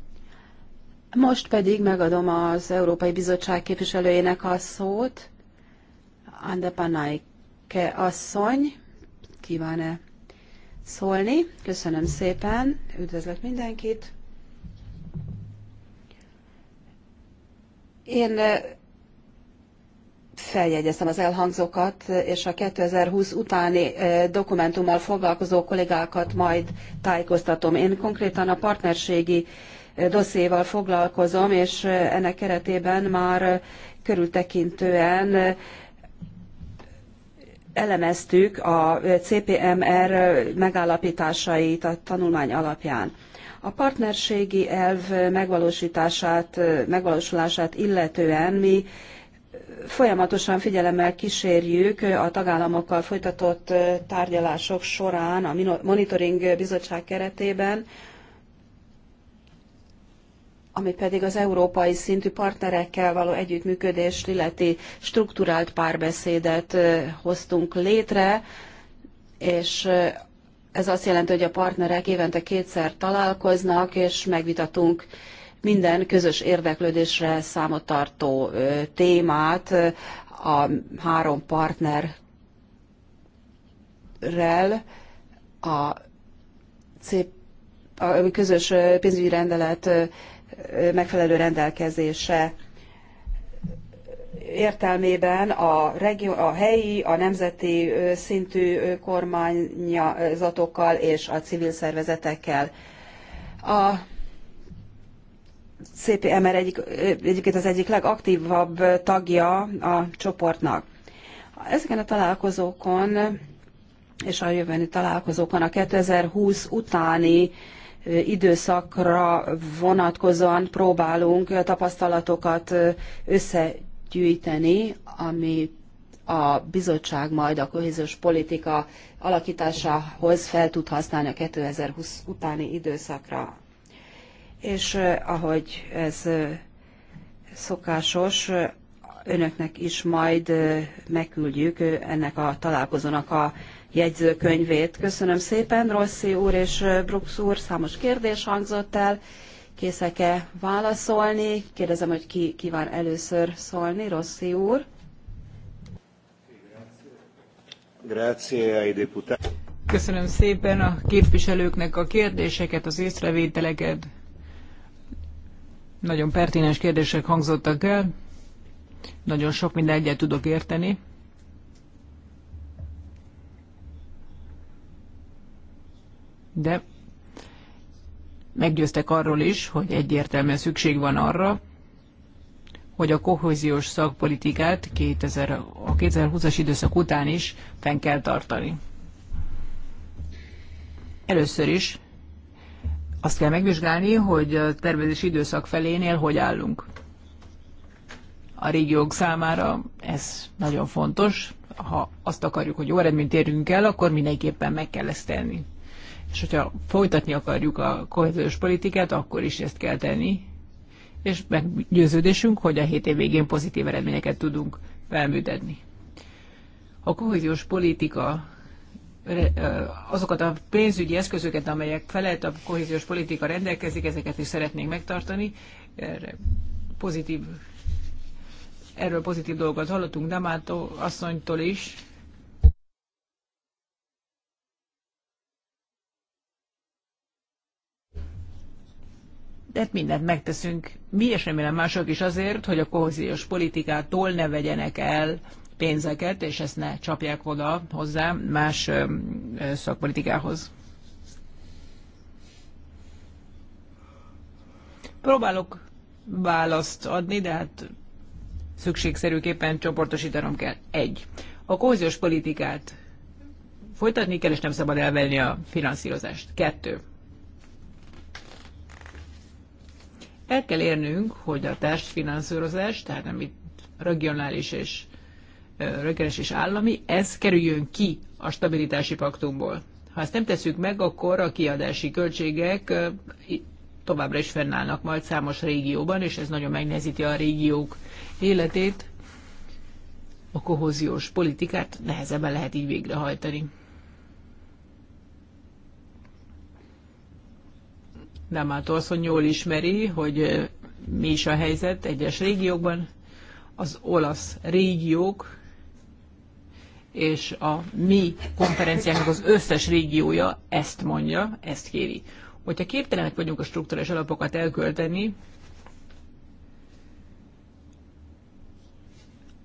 Most pedig megadom az Európai Bizottság képviselőjének a szót. Ande Panaike asszony kíván-e szólni. Köszönöm szépen, üdvözlök mindenkit. Én eh, feljegyeztem az elhangzókat, és a 2020 utáni eh, dokumentummal foglalkozó kollégákat majd tájékoztatom. Én konkrétan a partnerségi dosszéval foglalkozom, és ennek keretében már körültekintően elemeztük a CPMR megállapításait a tanulmány alapján. A partnerségi elv megvalósítását, megvalósulását illetően mi folyamatosan figyelemmel kísérjük a tagállamokkal folytatott tárgyalások során a Monitoring Bizottság keretében ami pedig az európai szintű partnerekkel való együttműködést illeti strukturált párbeszédet hoztunk létre, és ez azt jelenti, hogy a partnerek évente kétszer találkoznak, és megvitatunk minden közös érdeklődésre számot tartó témát a három partnerrel a, C, a közös pénzügyi rendelet megfelelő rendelkezése értelmében a, regió, a helyi, a nemzeti szintű kormányzatokkal és a civil szervezetekkel. A CPMR egyik, egyébként az egyik legaktívabb tagja a csoportnak. Ezeken a találkozókon és a jövőni találkozókon a 2020 utáni időszakra vonatkozóan próbálunk tapasztalatokat összegyűjteni, ami a bizottság majd a kohéziós politika alakításához fel tud használni a 2020 utáni időszakra. És ahogy ez szokásos, önöknek is majd megküldjük ennek a találkozónak a jegyzőkönyvét. Köszönöm szépen, Rossi úr és Brooks úr, számos kérdés hangzott el. Készek-e válaszolni? Kérdezem, hogy ki kíván először szólni, Rossi úr. Köszönöm szépen a képviselőknek a kérdéseket, az észrevételeket. Nagyon pertinens kérdések hangzottak el. Nagyon sok mindent egyet tudok érteni. de meggyőztek arról is, hogy egyértelműen szükség van arra, hogy a kohéziós szakpolitikát 2000, a 2020-as időszak után is fenn kell tartani. Először is azt kell megvizsgálni, hogy a tervezés időszak felénél hogy állunk. A régiók számára ez nagyon fontos. Ha azt akarjuk, hogy jó eredményt érjünk el, akkor mindenképpen meg kell ezt tenni és hogyha folytatni akarjuk a kohéziós politikát, akkor is ezt kell tenni, és meggyőződésünk, hogy a hét év végén pozitív eredményeket tudunk felműtetni. A kohéziós politika azokat a pénzügyi eszközöket, amelyek felett a kohéziós politika rendelkezik, ezeket is szeretnénk megtartani. Erre pozitív, erről pozitív dolgot hallottunk Damától, asszonytól is, de mindent megteszünk mi, és remélem mások is azért, hogy a kohéziós politikától ne vegyenek el pénzeket, és ezt ne csapják oda hozzá más szakpolitikához. Próbálok választ adni, de hát szükségszerűképpen csoportosítanom kell. Egy. A kohéziós politikát folytatni kell, és nem szabad elvenni a finanszírozást. Kettő. El kell érnünk, hogy a társfinanszírozás, tehát amit regionális és regionális és állami, ez kerüljön ki a stabilitási paktumból. Ha ezt nem tesszük meg, akkor a kiadási költségek továbbra is fennállnak majd számos régióban, és ez nagyon megnehezíti a régiók életét. A kohóziós politikát nehezebben lehet így végrehajtani. Dámától asszony jól ismeri, hogy mi is a helyzet egyes régiókban. Az olasz régiók és a mi konferenciánknak az összes régiója ezt mondja, ezt kéri. Hogyha képtelenek vagyunk a struktúrás alapokat elkölteni,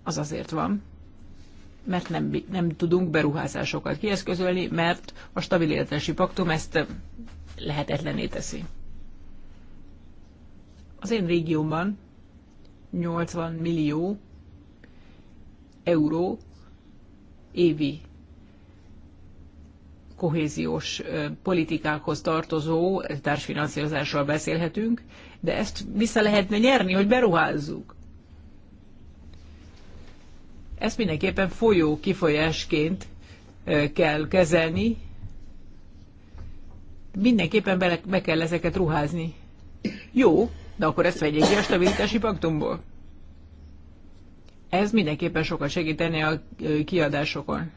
az azért van, mert nem, nem tudunk beruházásokat kieszközölni, mert a stabilitási paktum ezt lehetetlené teszi. Az én régiómban 80 millió euró évi kohéziós politikákhoz tartozó társfinanszírozásról beszélhetünk, de ezt vissza lehetne nyerni, hogy beruházzuk. Ezt mindenképpen folyó kifolyásként kell kezelni, mindenképpen be, be kell ezeket ruházni. Jó, de akkor ezt vegyék ki a stabilitási paktumból. Ez mindenképpen sokat segíteni a kiadásokon.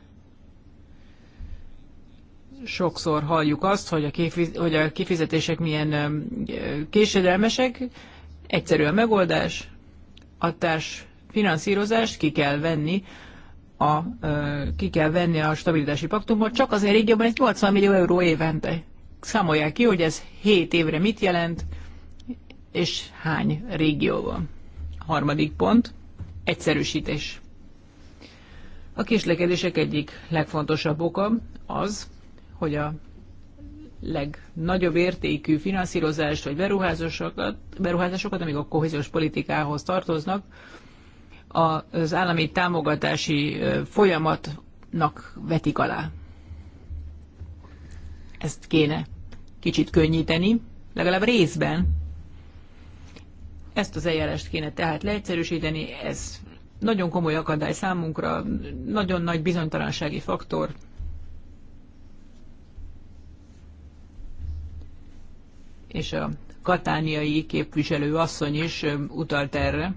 Sokszor halljuk azt, hogy a, kifiz- hogy a kifizetések milyen késedelmesek. Egyszerű a megoldás, a társ finanszírozást ki kell venni, a, ki kell venni a stabilitási paktumot, csak azért jobban, egy 80 millió euró évente. Számolják ki, hogy ez 7 évre mit jelent, és hány régióban. Harmadik pont, egyszerűsítés. A késlekedések egyik legfontosabb oka az, hogy a legnagyobb értékű finanszírozást vagy beruházásokat, beruházásokat amik a kohéziós politikához tartoznak, az állami támogatási folyamatnak vetik alá. Ezt kéne kicsit könnyíteni, legalább részben, ezt az eljárást kéne tehát leegyszerűsíteni, ez nagyon komoly akadály számunkra, nagyon nagy bizonytalansági faktor. És a katániai képviselő asszony is utalt erre.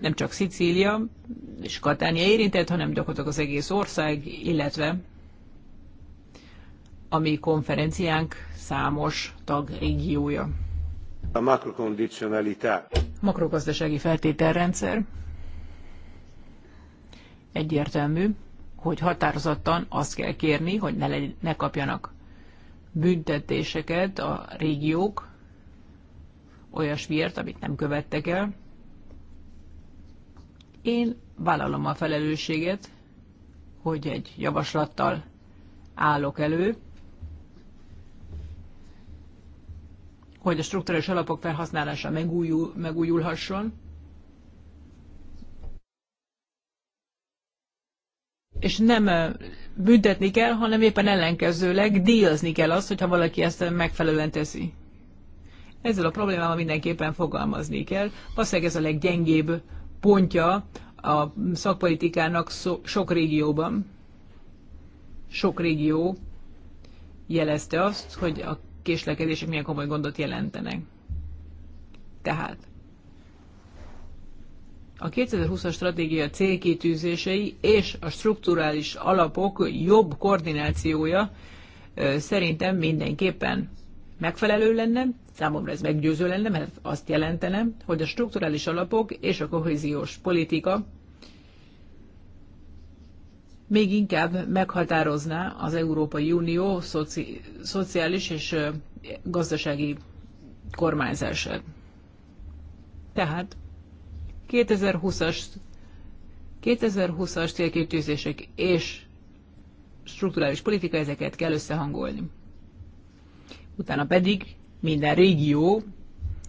Nem csak Szicília és Katánia érintett, hanem gyakorlatilag az egész ország, illetve a mi konferenciánk számos tagrégiója. A makrokondicionalitá. Makrogazdasági feltételrendszer egyértelmű, hogy határozottan azt kell kérni, hogy ne, legy- ne kapjanak büntetéseket a régiók olyasmiért, amit nem követtek el. Én vállalom a felelősséget, hogy egy javaslattal állok elő, hogy a strukturális alapok felhasználása megújul, megújulhasson. És nem büntetni kell, hanem éppen ellenkezőleg díjazni kell azt, hogyha valaki ezt megfelelően teszi. Ezzel a problémával mindenképpen fogalmazni kell. Valószínűleg ez a leggyengébb pontja a szakpolitikának sok régióban. Sok régió jelezte azt, hogy a késlekedések milyen komoly gondot jelentenek. Tehát a 2020-as stratégia célkitűzései és a strukturális alapok jobb koordinációja szerintem mindenképpen megfelelő lenne, számomra ez meggyőző lenne, mert azt jelentenem, hogy a strukturális alapok és a kohéziós politika még inkább meghatározná az Európai Unió szoci, szociális és gazdasági kormányzását. Tehát 2020-as 2020-as célkitűzések és strukturális politika, ezeket kell összehangolni. Utána pedig minden régió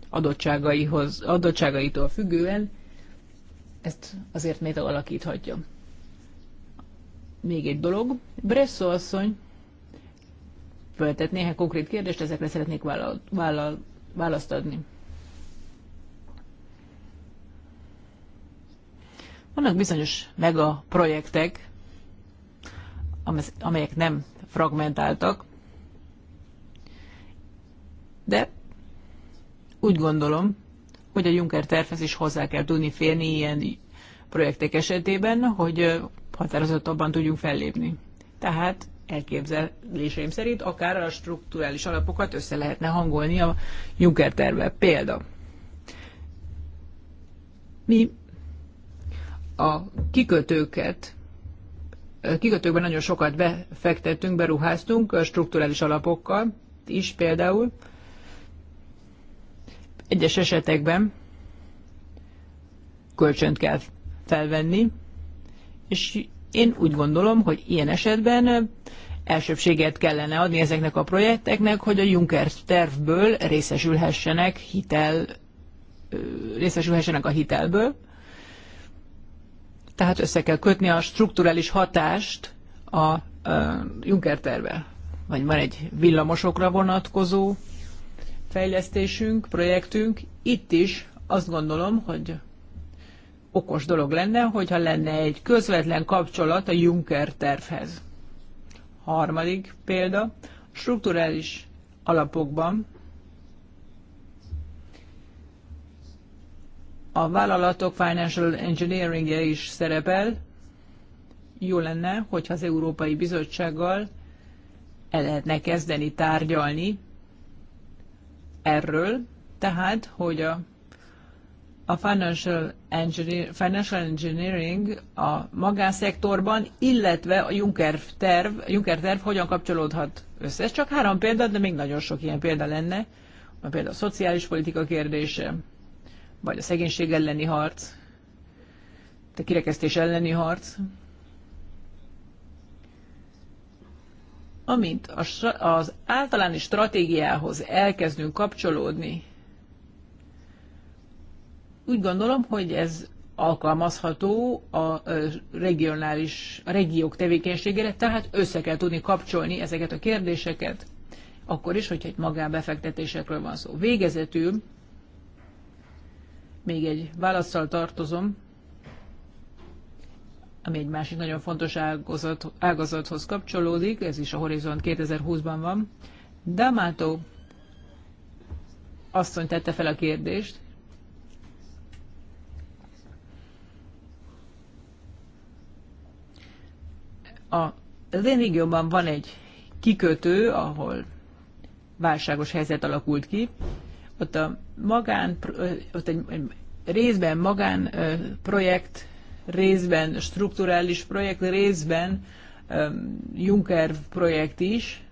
adottságaihoz, adottságaitól függően ezt azért még alakíthatja. Még egy dolog, Bresso asszony föltett néhány konkrét kérdést, ezekre szeretnék vállal, vállal, választ adni. Vannak bizonyos mega projektek, amelyek nem fragmentáltak, de úgy gondolom, hogy a Juncker tervhez is hozzá kell tudni férni ilyen projektek esetében, hogy határozottabban tudjunk fellépni. Tehát elképzeléseim szerint akár a strukturális alapokat össze lehetne hangolni a Juncker terve. Példa. Mi a kikötőket kikötőkben nagyon sokat befektettünk, beruháztunk a strukturális alapokkal is például. Egyes esetekben kölcsönt kell felvenni, és én úgy gondolom, hogy ilyen esetben elsőbséget kellene adni ezeknek a projekteknek, hogy a Juncker tervből részesülhessenek hitel, részesülhessenek a hitelből. Tehát össze kell kötni a strukturális hatást a, a Juncker tervvel. Vagy van egy villamosokra vonatkozó fejlesztésünk, projektünk. Itt is azt gondolom, hogy okos dolog lenne, hogyha lenne egy közvetlen kapcsolat a Juncker tervhez. Harmadik példa, strukturális alapokban a vállalatok financial engineering -e is szerepel. Jó lenne, hogyha az Európai Bizottsággal el lehetne kezdeni tárgyalni erről, tehát, hogy a a financial, engineering, financial engineering a magánszektorban, illetve a Juncker terv, Juncker terv hogyan kapcsolódhat össze. Ez csak három példa, de még nagyon sok ilyen példa lenne. A például a szociális politika kérdése, vagy a szegénység elleni harc, a kirekesztés elleni harc. Amint az általános stratégiához elkezdünk kapcsolódni úgy gondolom, hogy ez alkalmazható a regionális, a regiók tevékenységére, tehát össze kell tudni kapcsolni ezeket a kérdéseket, akkor is, hogyha egy magánbefektetésekről van szó. Végezetül még egy válaszsal tartozom, ami egy másik nagyon fontos ágazat, ágazathoz kapcsolódik, ez is a Horizont 2020-ban van. D'Amato asszony tette fel a kérdést, A, az én régióban van egy kikötő, ahol válságos helyzet alakult ki. Ott a magán, ott egy részben magán projekt, részben strukturális projekt, részben Juncker projekt is.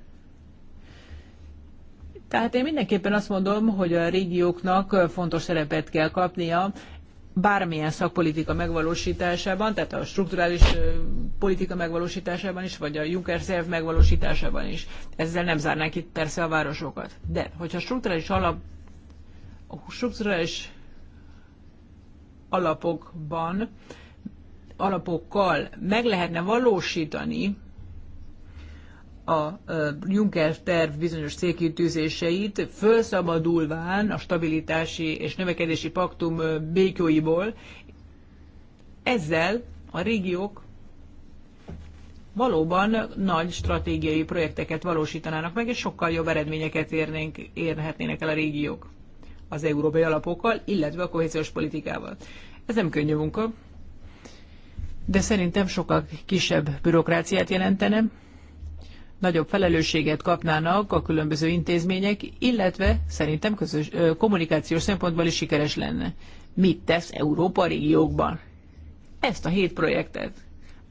Tehát én mindenképpen azt mondom, hogy a régióknak fontos szerepet kell kapnia bármilyen szakpolitika megvalósításában, tehát a strukturális politika megvalósításában is, vagy a Juncker szerv megvalósításában is. Ezzel nem zárnánk itt persze a városokat. De, hogyha strukturális alap, a strukturális alapokban, alapokkal meg lehetne valósítani a Juncker terv bizonyos célkitűzéseit, felszabadulván a stabilitási és növekedési paktum békjóiból, ezzel a régiók valóban nagy stratégiai projekteket valósítanának meg, és sokkal jobb eredményeket érnénk, érhetnének el a régiók az európai alapokkal, illetve a kohéziós politikával. Ez nem könnyű munka, de szerintem sokkal kisebb bürokráciát jelentene, nagyobb felelősséget kapnának a különböző intézmények, illetve szerintem közös, kommunikációs szempontból is sikeres lenne. Mit tesz Európa régiókban? Ezt a hét projektet,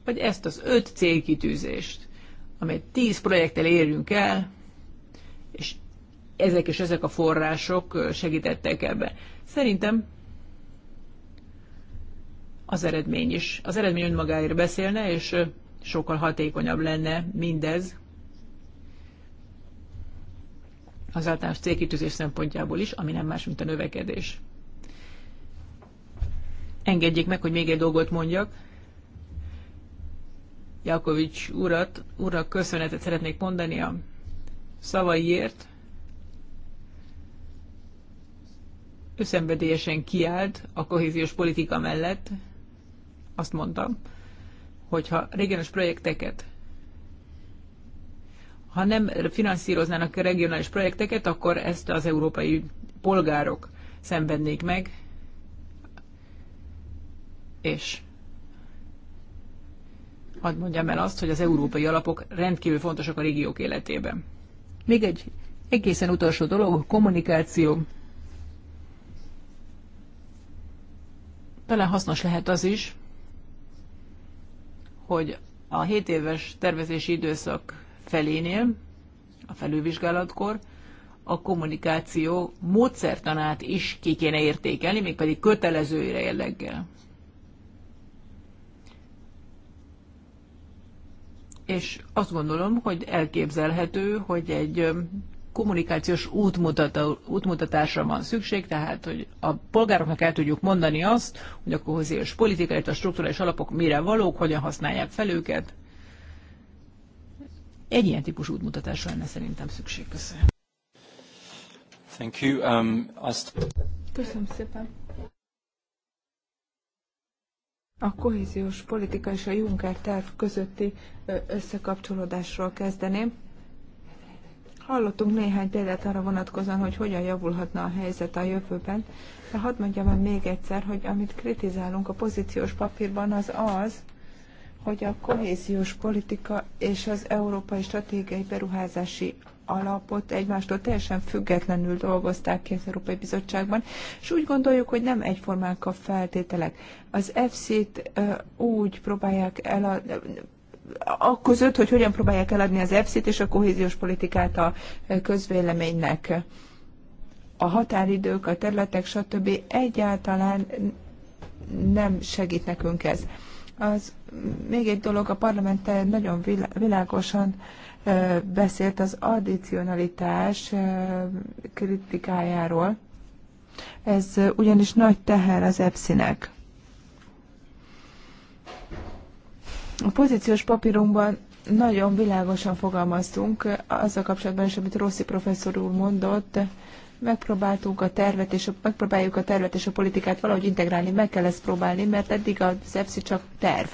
vagy ezt az öt célkitűzést, amely tíz projekttel érjünk el, és ezek és ezek a források segítettek ebbe. Szerintem az eredmény is. Az eredmény önmagáért beszélne, és sokkal hatékonyabb lenne mindez, az általános célkitűzés szempontjából is, ami nem más, mint a növekedés. Engedjék meg, hogy még egy dolgot mondjak. Jakovics urat, urak köszönetet szeretnék mondani a szavaiért. Összenvedélyesen kiállt a kohéziós politika mellett. Azt mondtam, hogyha régenes projekteket ha nem finanszíroznának regionális projekteket, akkor ezt az európai polgárok szenvednék meg, és hadd mondjam el azt, hogy az európai alapok rendkívül fontosak a régiók életében. Még egy egészen utolsó dolog, kommunikáció. Talán hasznos lehet az is, hogy a 7 éves tervezési időszak felénél, a felülvizsgálatkor, a kommunikáció módszertanát is ki kéne értékelni, mégpedig kötelezőire jelleggel. És azt gondolom, hogy elképzelhető, hogy egy kommunikációs útmutató, útmutatásra van szükség, tehát hogy a polgároknak el tudjuk mondani azt, hogy a kohéziós politika, a struktúrális alapok mire valók, hogyan használják fel őket, egy ilyen típusú útmutatásra lenne szerintem szükség. Köszönöm. Thank you. Um, azt... Köszönöm szépen. A kohéziós politika és a Juncker terv közötti összekapcsolódásról kezdeném. Hallottunk néhány példát arra vonatkozóan, hogy hogyan javulhatna a helyzet a jövőben, de hadd mondjam el még egyszer, hogy amit kritizálunk a pozíciós papírban, az az, hogy a kohéziós politika és az Európai Stratégiai Beruházási alapot egymástól teljesen függetlenül dolgozták ki az Európai Bizottságban, és úgy gondoljuk, hogy nem egyformák a feltételek. Az EFSZ-t úgy próbálják el a között, hogy hogyan próbálják eladni az EFSZ-t és a kohéziós politikát a közvéleménynek. A határidők, a területek, stb. egyáltalán nem segít nekünk ez. Az, még egy dolog, a parlament nagyon világosan beszélt az addicionalitás kritikájáról. Ez ugyanis nagy teher az EPSZ-nek. A pozíciós papírunkban nagyon világosan fogalmaztunk azzal kapcsolatban is, amit Rossi professzor úr mondott, megpróbáltunk a tervet és a, megpróbáljuk a tervet és a politikát valahogy integrálni, meg kell ezt próbálni, mert eddig az EFSI csak terv.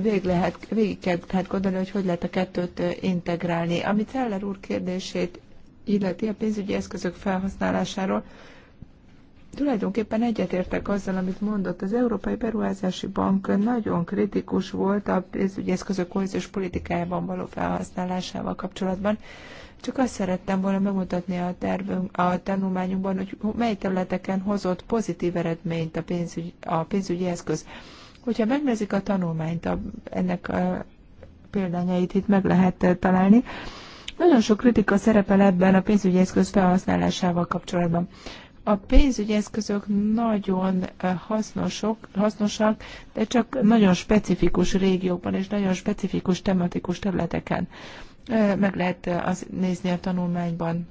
Vég lehet, végig kell hát gondolni, hogy hogy lehet a kettőt integrálni. Amit Eller úr kérdését illeti a pénzügyi eszközök felhasználásáról, Tulajdonképpen egyetértek azzal, amit mondott. Az Európai Beruházási Bank nagyon kritikus volt a pénzügyi eszközök kohéziós politikájában való felhasználásával kapcsolatban. Csak azt szerettem volna megmutatni a, tervünk, a tanulmányunkban, hogy mely területeken hozott pozitív eredményt a pénzügyi, a pénzügyi eszköz. Hogyha megnézik a tanulmányt, a, ennek a példányait itt meg lehet találni, nagyon sok kritika szerepel ebben a pénzügyi eszköz felhasználásával kapcsolatban. A pénzügyi eszközök nagyon hasznosok, hasznosak, de csak nagyon specifikus régiókban és nagyon specifikus tematikus területeken. Meg lehet az nézni a tanulmányban.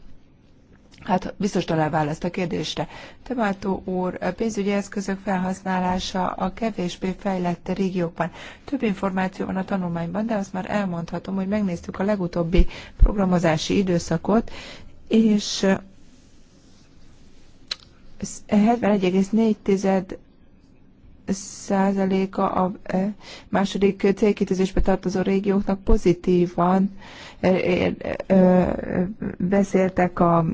Hát biztos talál választ a kérdésre. Temátó úr, a pénzügyi eszközök felhasználása a kevésbé fejlett régiókban. Több információ van a tanulmányban, de azt már elmondhatom, hogy megnéztük a legutóbbi programozási időszakot, és 71,4 százaléka a e, második célkitűzésbe tartozó régióknak pozitívan e, e, beszéltek a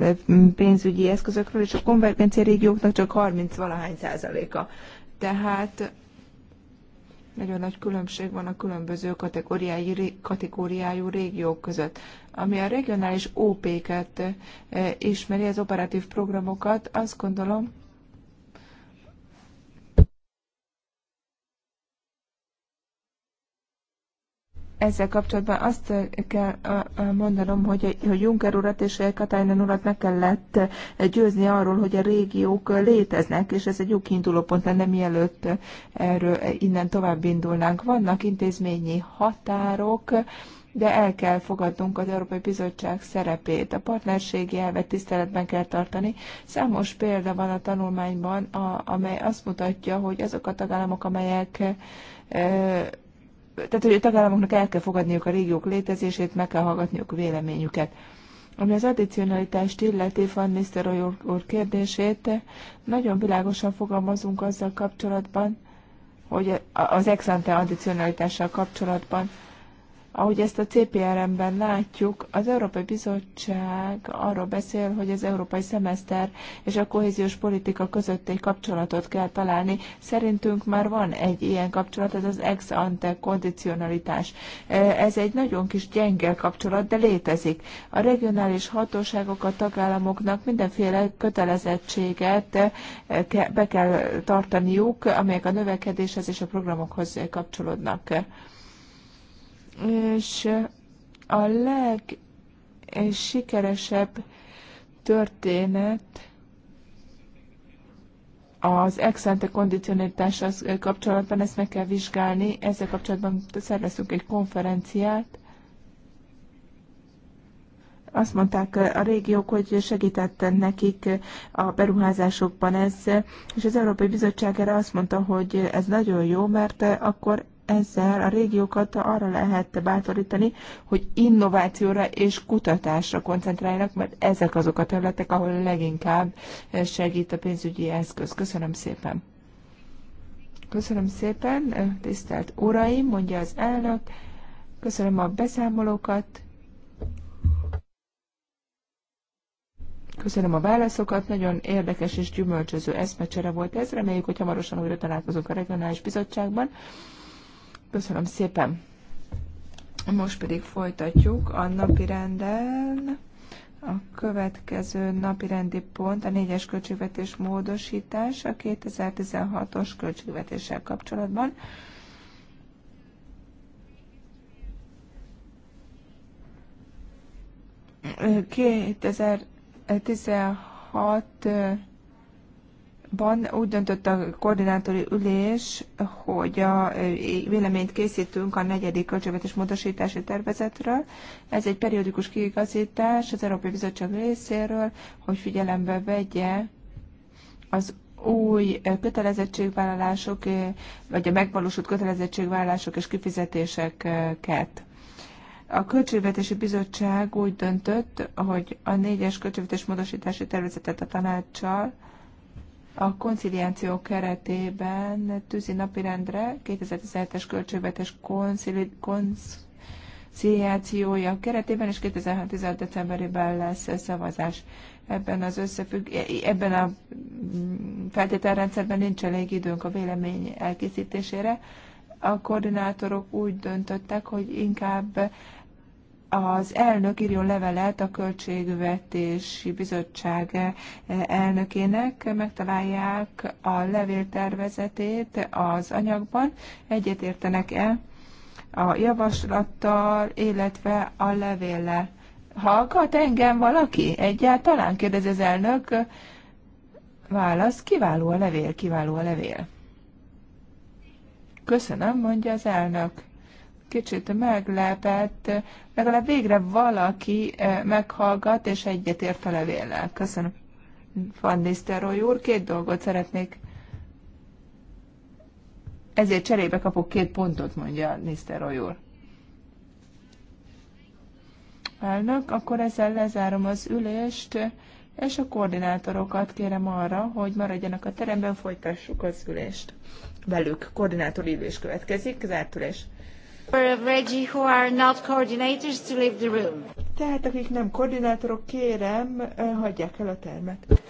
pénzügyi eszközökről, és a konvergencia régióknak csak 30 valahány százaléka. Tehát nagyon nagy különbség van a különböző kategóriájú régiók között. Ami a regionális OP-ket eh, ismeri, az operatív programokat, azt gondolom, ezzel kapcsolatban azt kell mondanom, hogy, hogy Juncker urat és Katajnen urat meg kellett győzni arról, hogy a régiók léteznek, és ez egy jó kiinduló pont lenne, mielőtt erről innen tovább indulnánk. Vannak intézményi határok, de el kell fogadnunk az Európai Bizottság szerepét. A partnerségi elvet tiszteletben kell tartani. Számos példa van a tanulmányban, a, amely azt mutatja, hogy azok a tagállamok, amelyek tehát hogy a tagállamoknak el kell fogadniuk a régiók létezését, meg kell hallgatniuk a véleményüket. Ami az addicionalitást illeti Van Mr. úr, úr kérdését, nagyon világosan fogalmazunk azzal kapcsolatban, hogy az ex ante addicionalitással kapcsolatban, ahogy ezt a CPRM-ben látjuk, az Európai Bizottság arról beszél, hogy az európai szemeszter és a kohéziós politika között egy kapcsolatot kell találni. Szerintünk már van egy ilyen kapcsolat, ez az ex ante kondicionalitás. E, ez egy nagyon kis gyenge kapcsolat, de létezik. A regionális hatóságok a tagállamoknak mindenféle kötelezettséget e, be kell tartaniuk, amelyek a növekedéshez és a programokhoz kapcsolódnak és a leg sikeresebb történet az excellente ante kondicionitással kapcsolatban, ezt meg kell vizsgálni, ezzel kapcsolatban szerveztünk egy konferenciát, azt mondták a régiók, hogy segítette nekik a beruházásokban ez, és az Európai Bizottság erre azt mondta, hogy ez nagyon jó, mert akkor ezzel a régiókat arra lehet bátorítani, hogy innovációra és kutatásra koncentráljanak, mert ezek azok a területek, ahol leginkább segít a pénzügyi eszköz. Köszönöm szépen! Köszönöm szépen, tisztelt uraim, mondja az elnök. Köszönöm a beszámolókat. Köszönöm a válaszokat, nagyon érdekes és gyümölcsöző eszmecsere volt ez. Reméljük, hogy hamarosan újra találkozunk a regionális bizottságban. Köszönöm szépen. Most pedig folytatjuk a napi renden. A következő napi rendi pont a négyes költségvetés módosítás a 2016-os költségvetéssel kapcsolatban. Két Ban úgy döntött a koordinátori ülés, hogy a véleményt készítünk a negyedik költségvetés módosítási tervezetről. Ez egy periódikus kiigazítás az Európai Bizottság részéről, hogy figyelembe vegye az új kötelezettségvállalások, vagy a megvalósult kötelezettségvállalások és kifizetéseket. A Költségvetési Bizottság úgy döntött, hogy a négyes költségvetés módosítási tervezetet a tanácssal a konciliáció keretében tűzi napirendre 2017-es költségvetés koncili, konciliációja keretében és 2016 decemberében lesz szavazás. Ebben az összefügg, e, ebben a mm, feltételrendszerben nincs elég időnk a vélemény elkészítésére. A koordinátorok úgy döntöttek, hogy inkább az elnök írjon levelet a Költségvetési Bizottság eh, elnökének, megtalálják a levéltervezetét az anyagban, egyetértenek-e a javaslattal, illetve a levéllel. Hallgat engem valaki? Egyáltalán kérdezi az elnök. Válasz, kiváló a levél, kiváló a levél. Köszönöm, mondja az elnök kicsit meglepett, legalább végre valaki eh, meghallgat és egyetért a levéllel. Köszönöm. Van Nisztelrooy úr, két dolgot szeretnék. Ezért cserébe kapok két pontot, mondja Nisztelrooy úr. Elnök, akkor ezzel lezárom az ülést, és a koordinátorokat kérem arra, hogy maradjanak a teremben, folytassuk az ülést velük. koordinátor ülés következik, zárt ülés. Tehát akik nem koordinátorok, kérem, hagyják el a termet.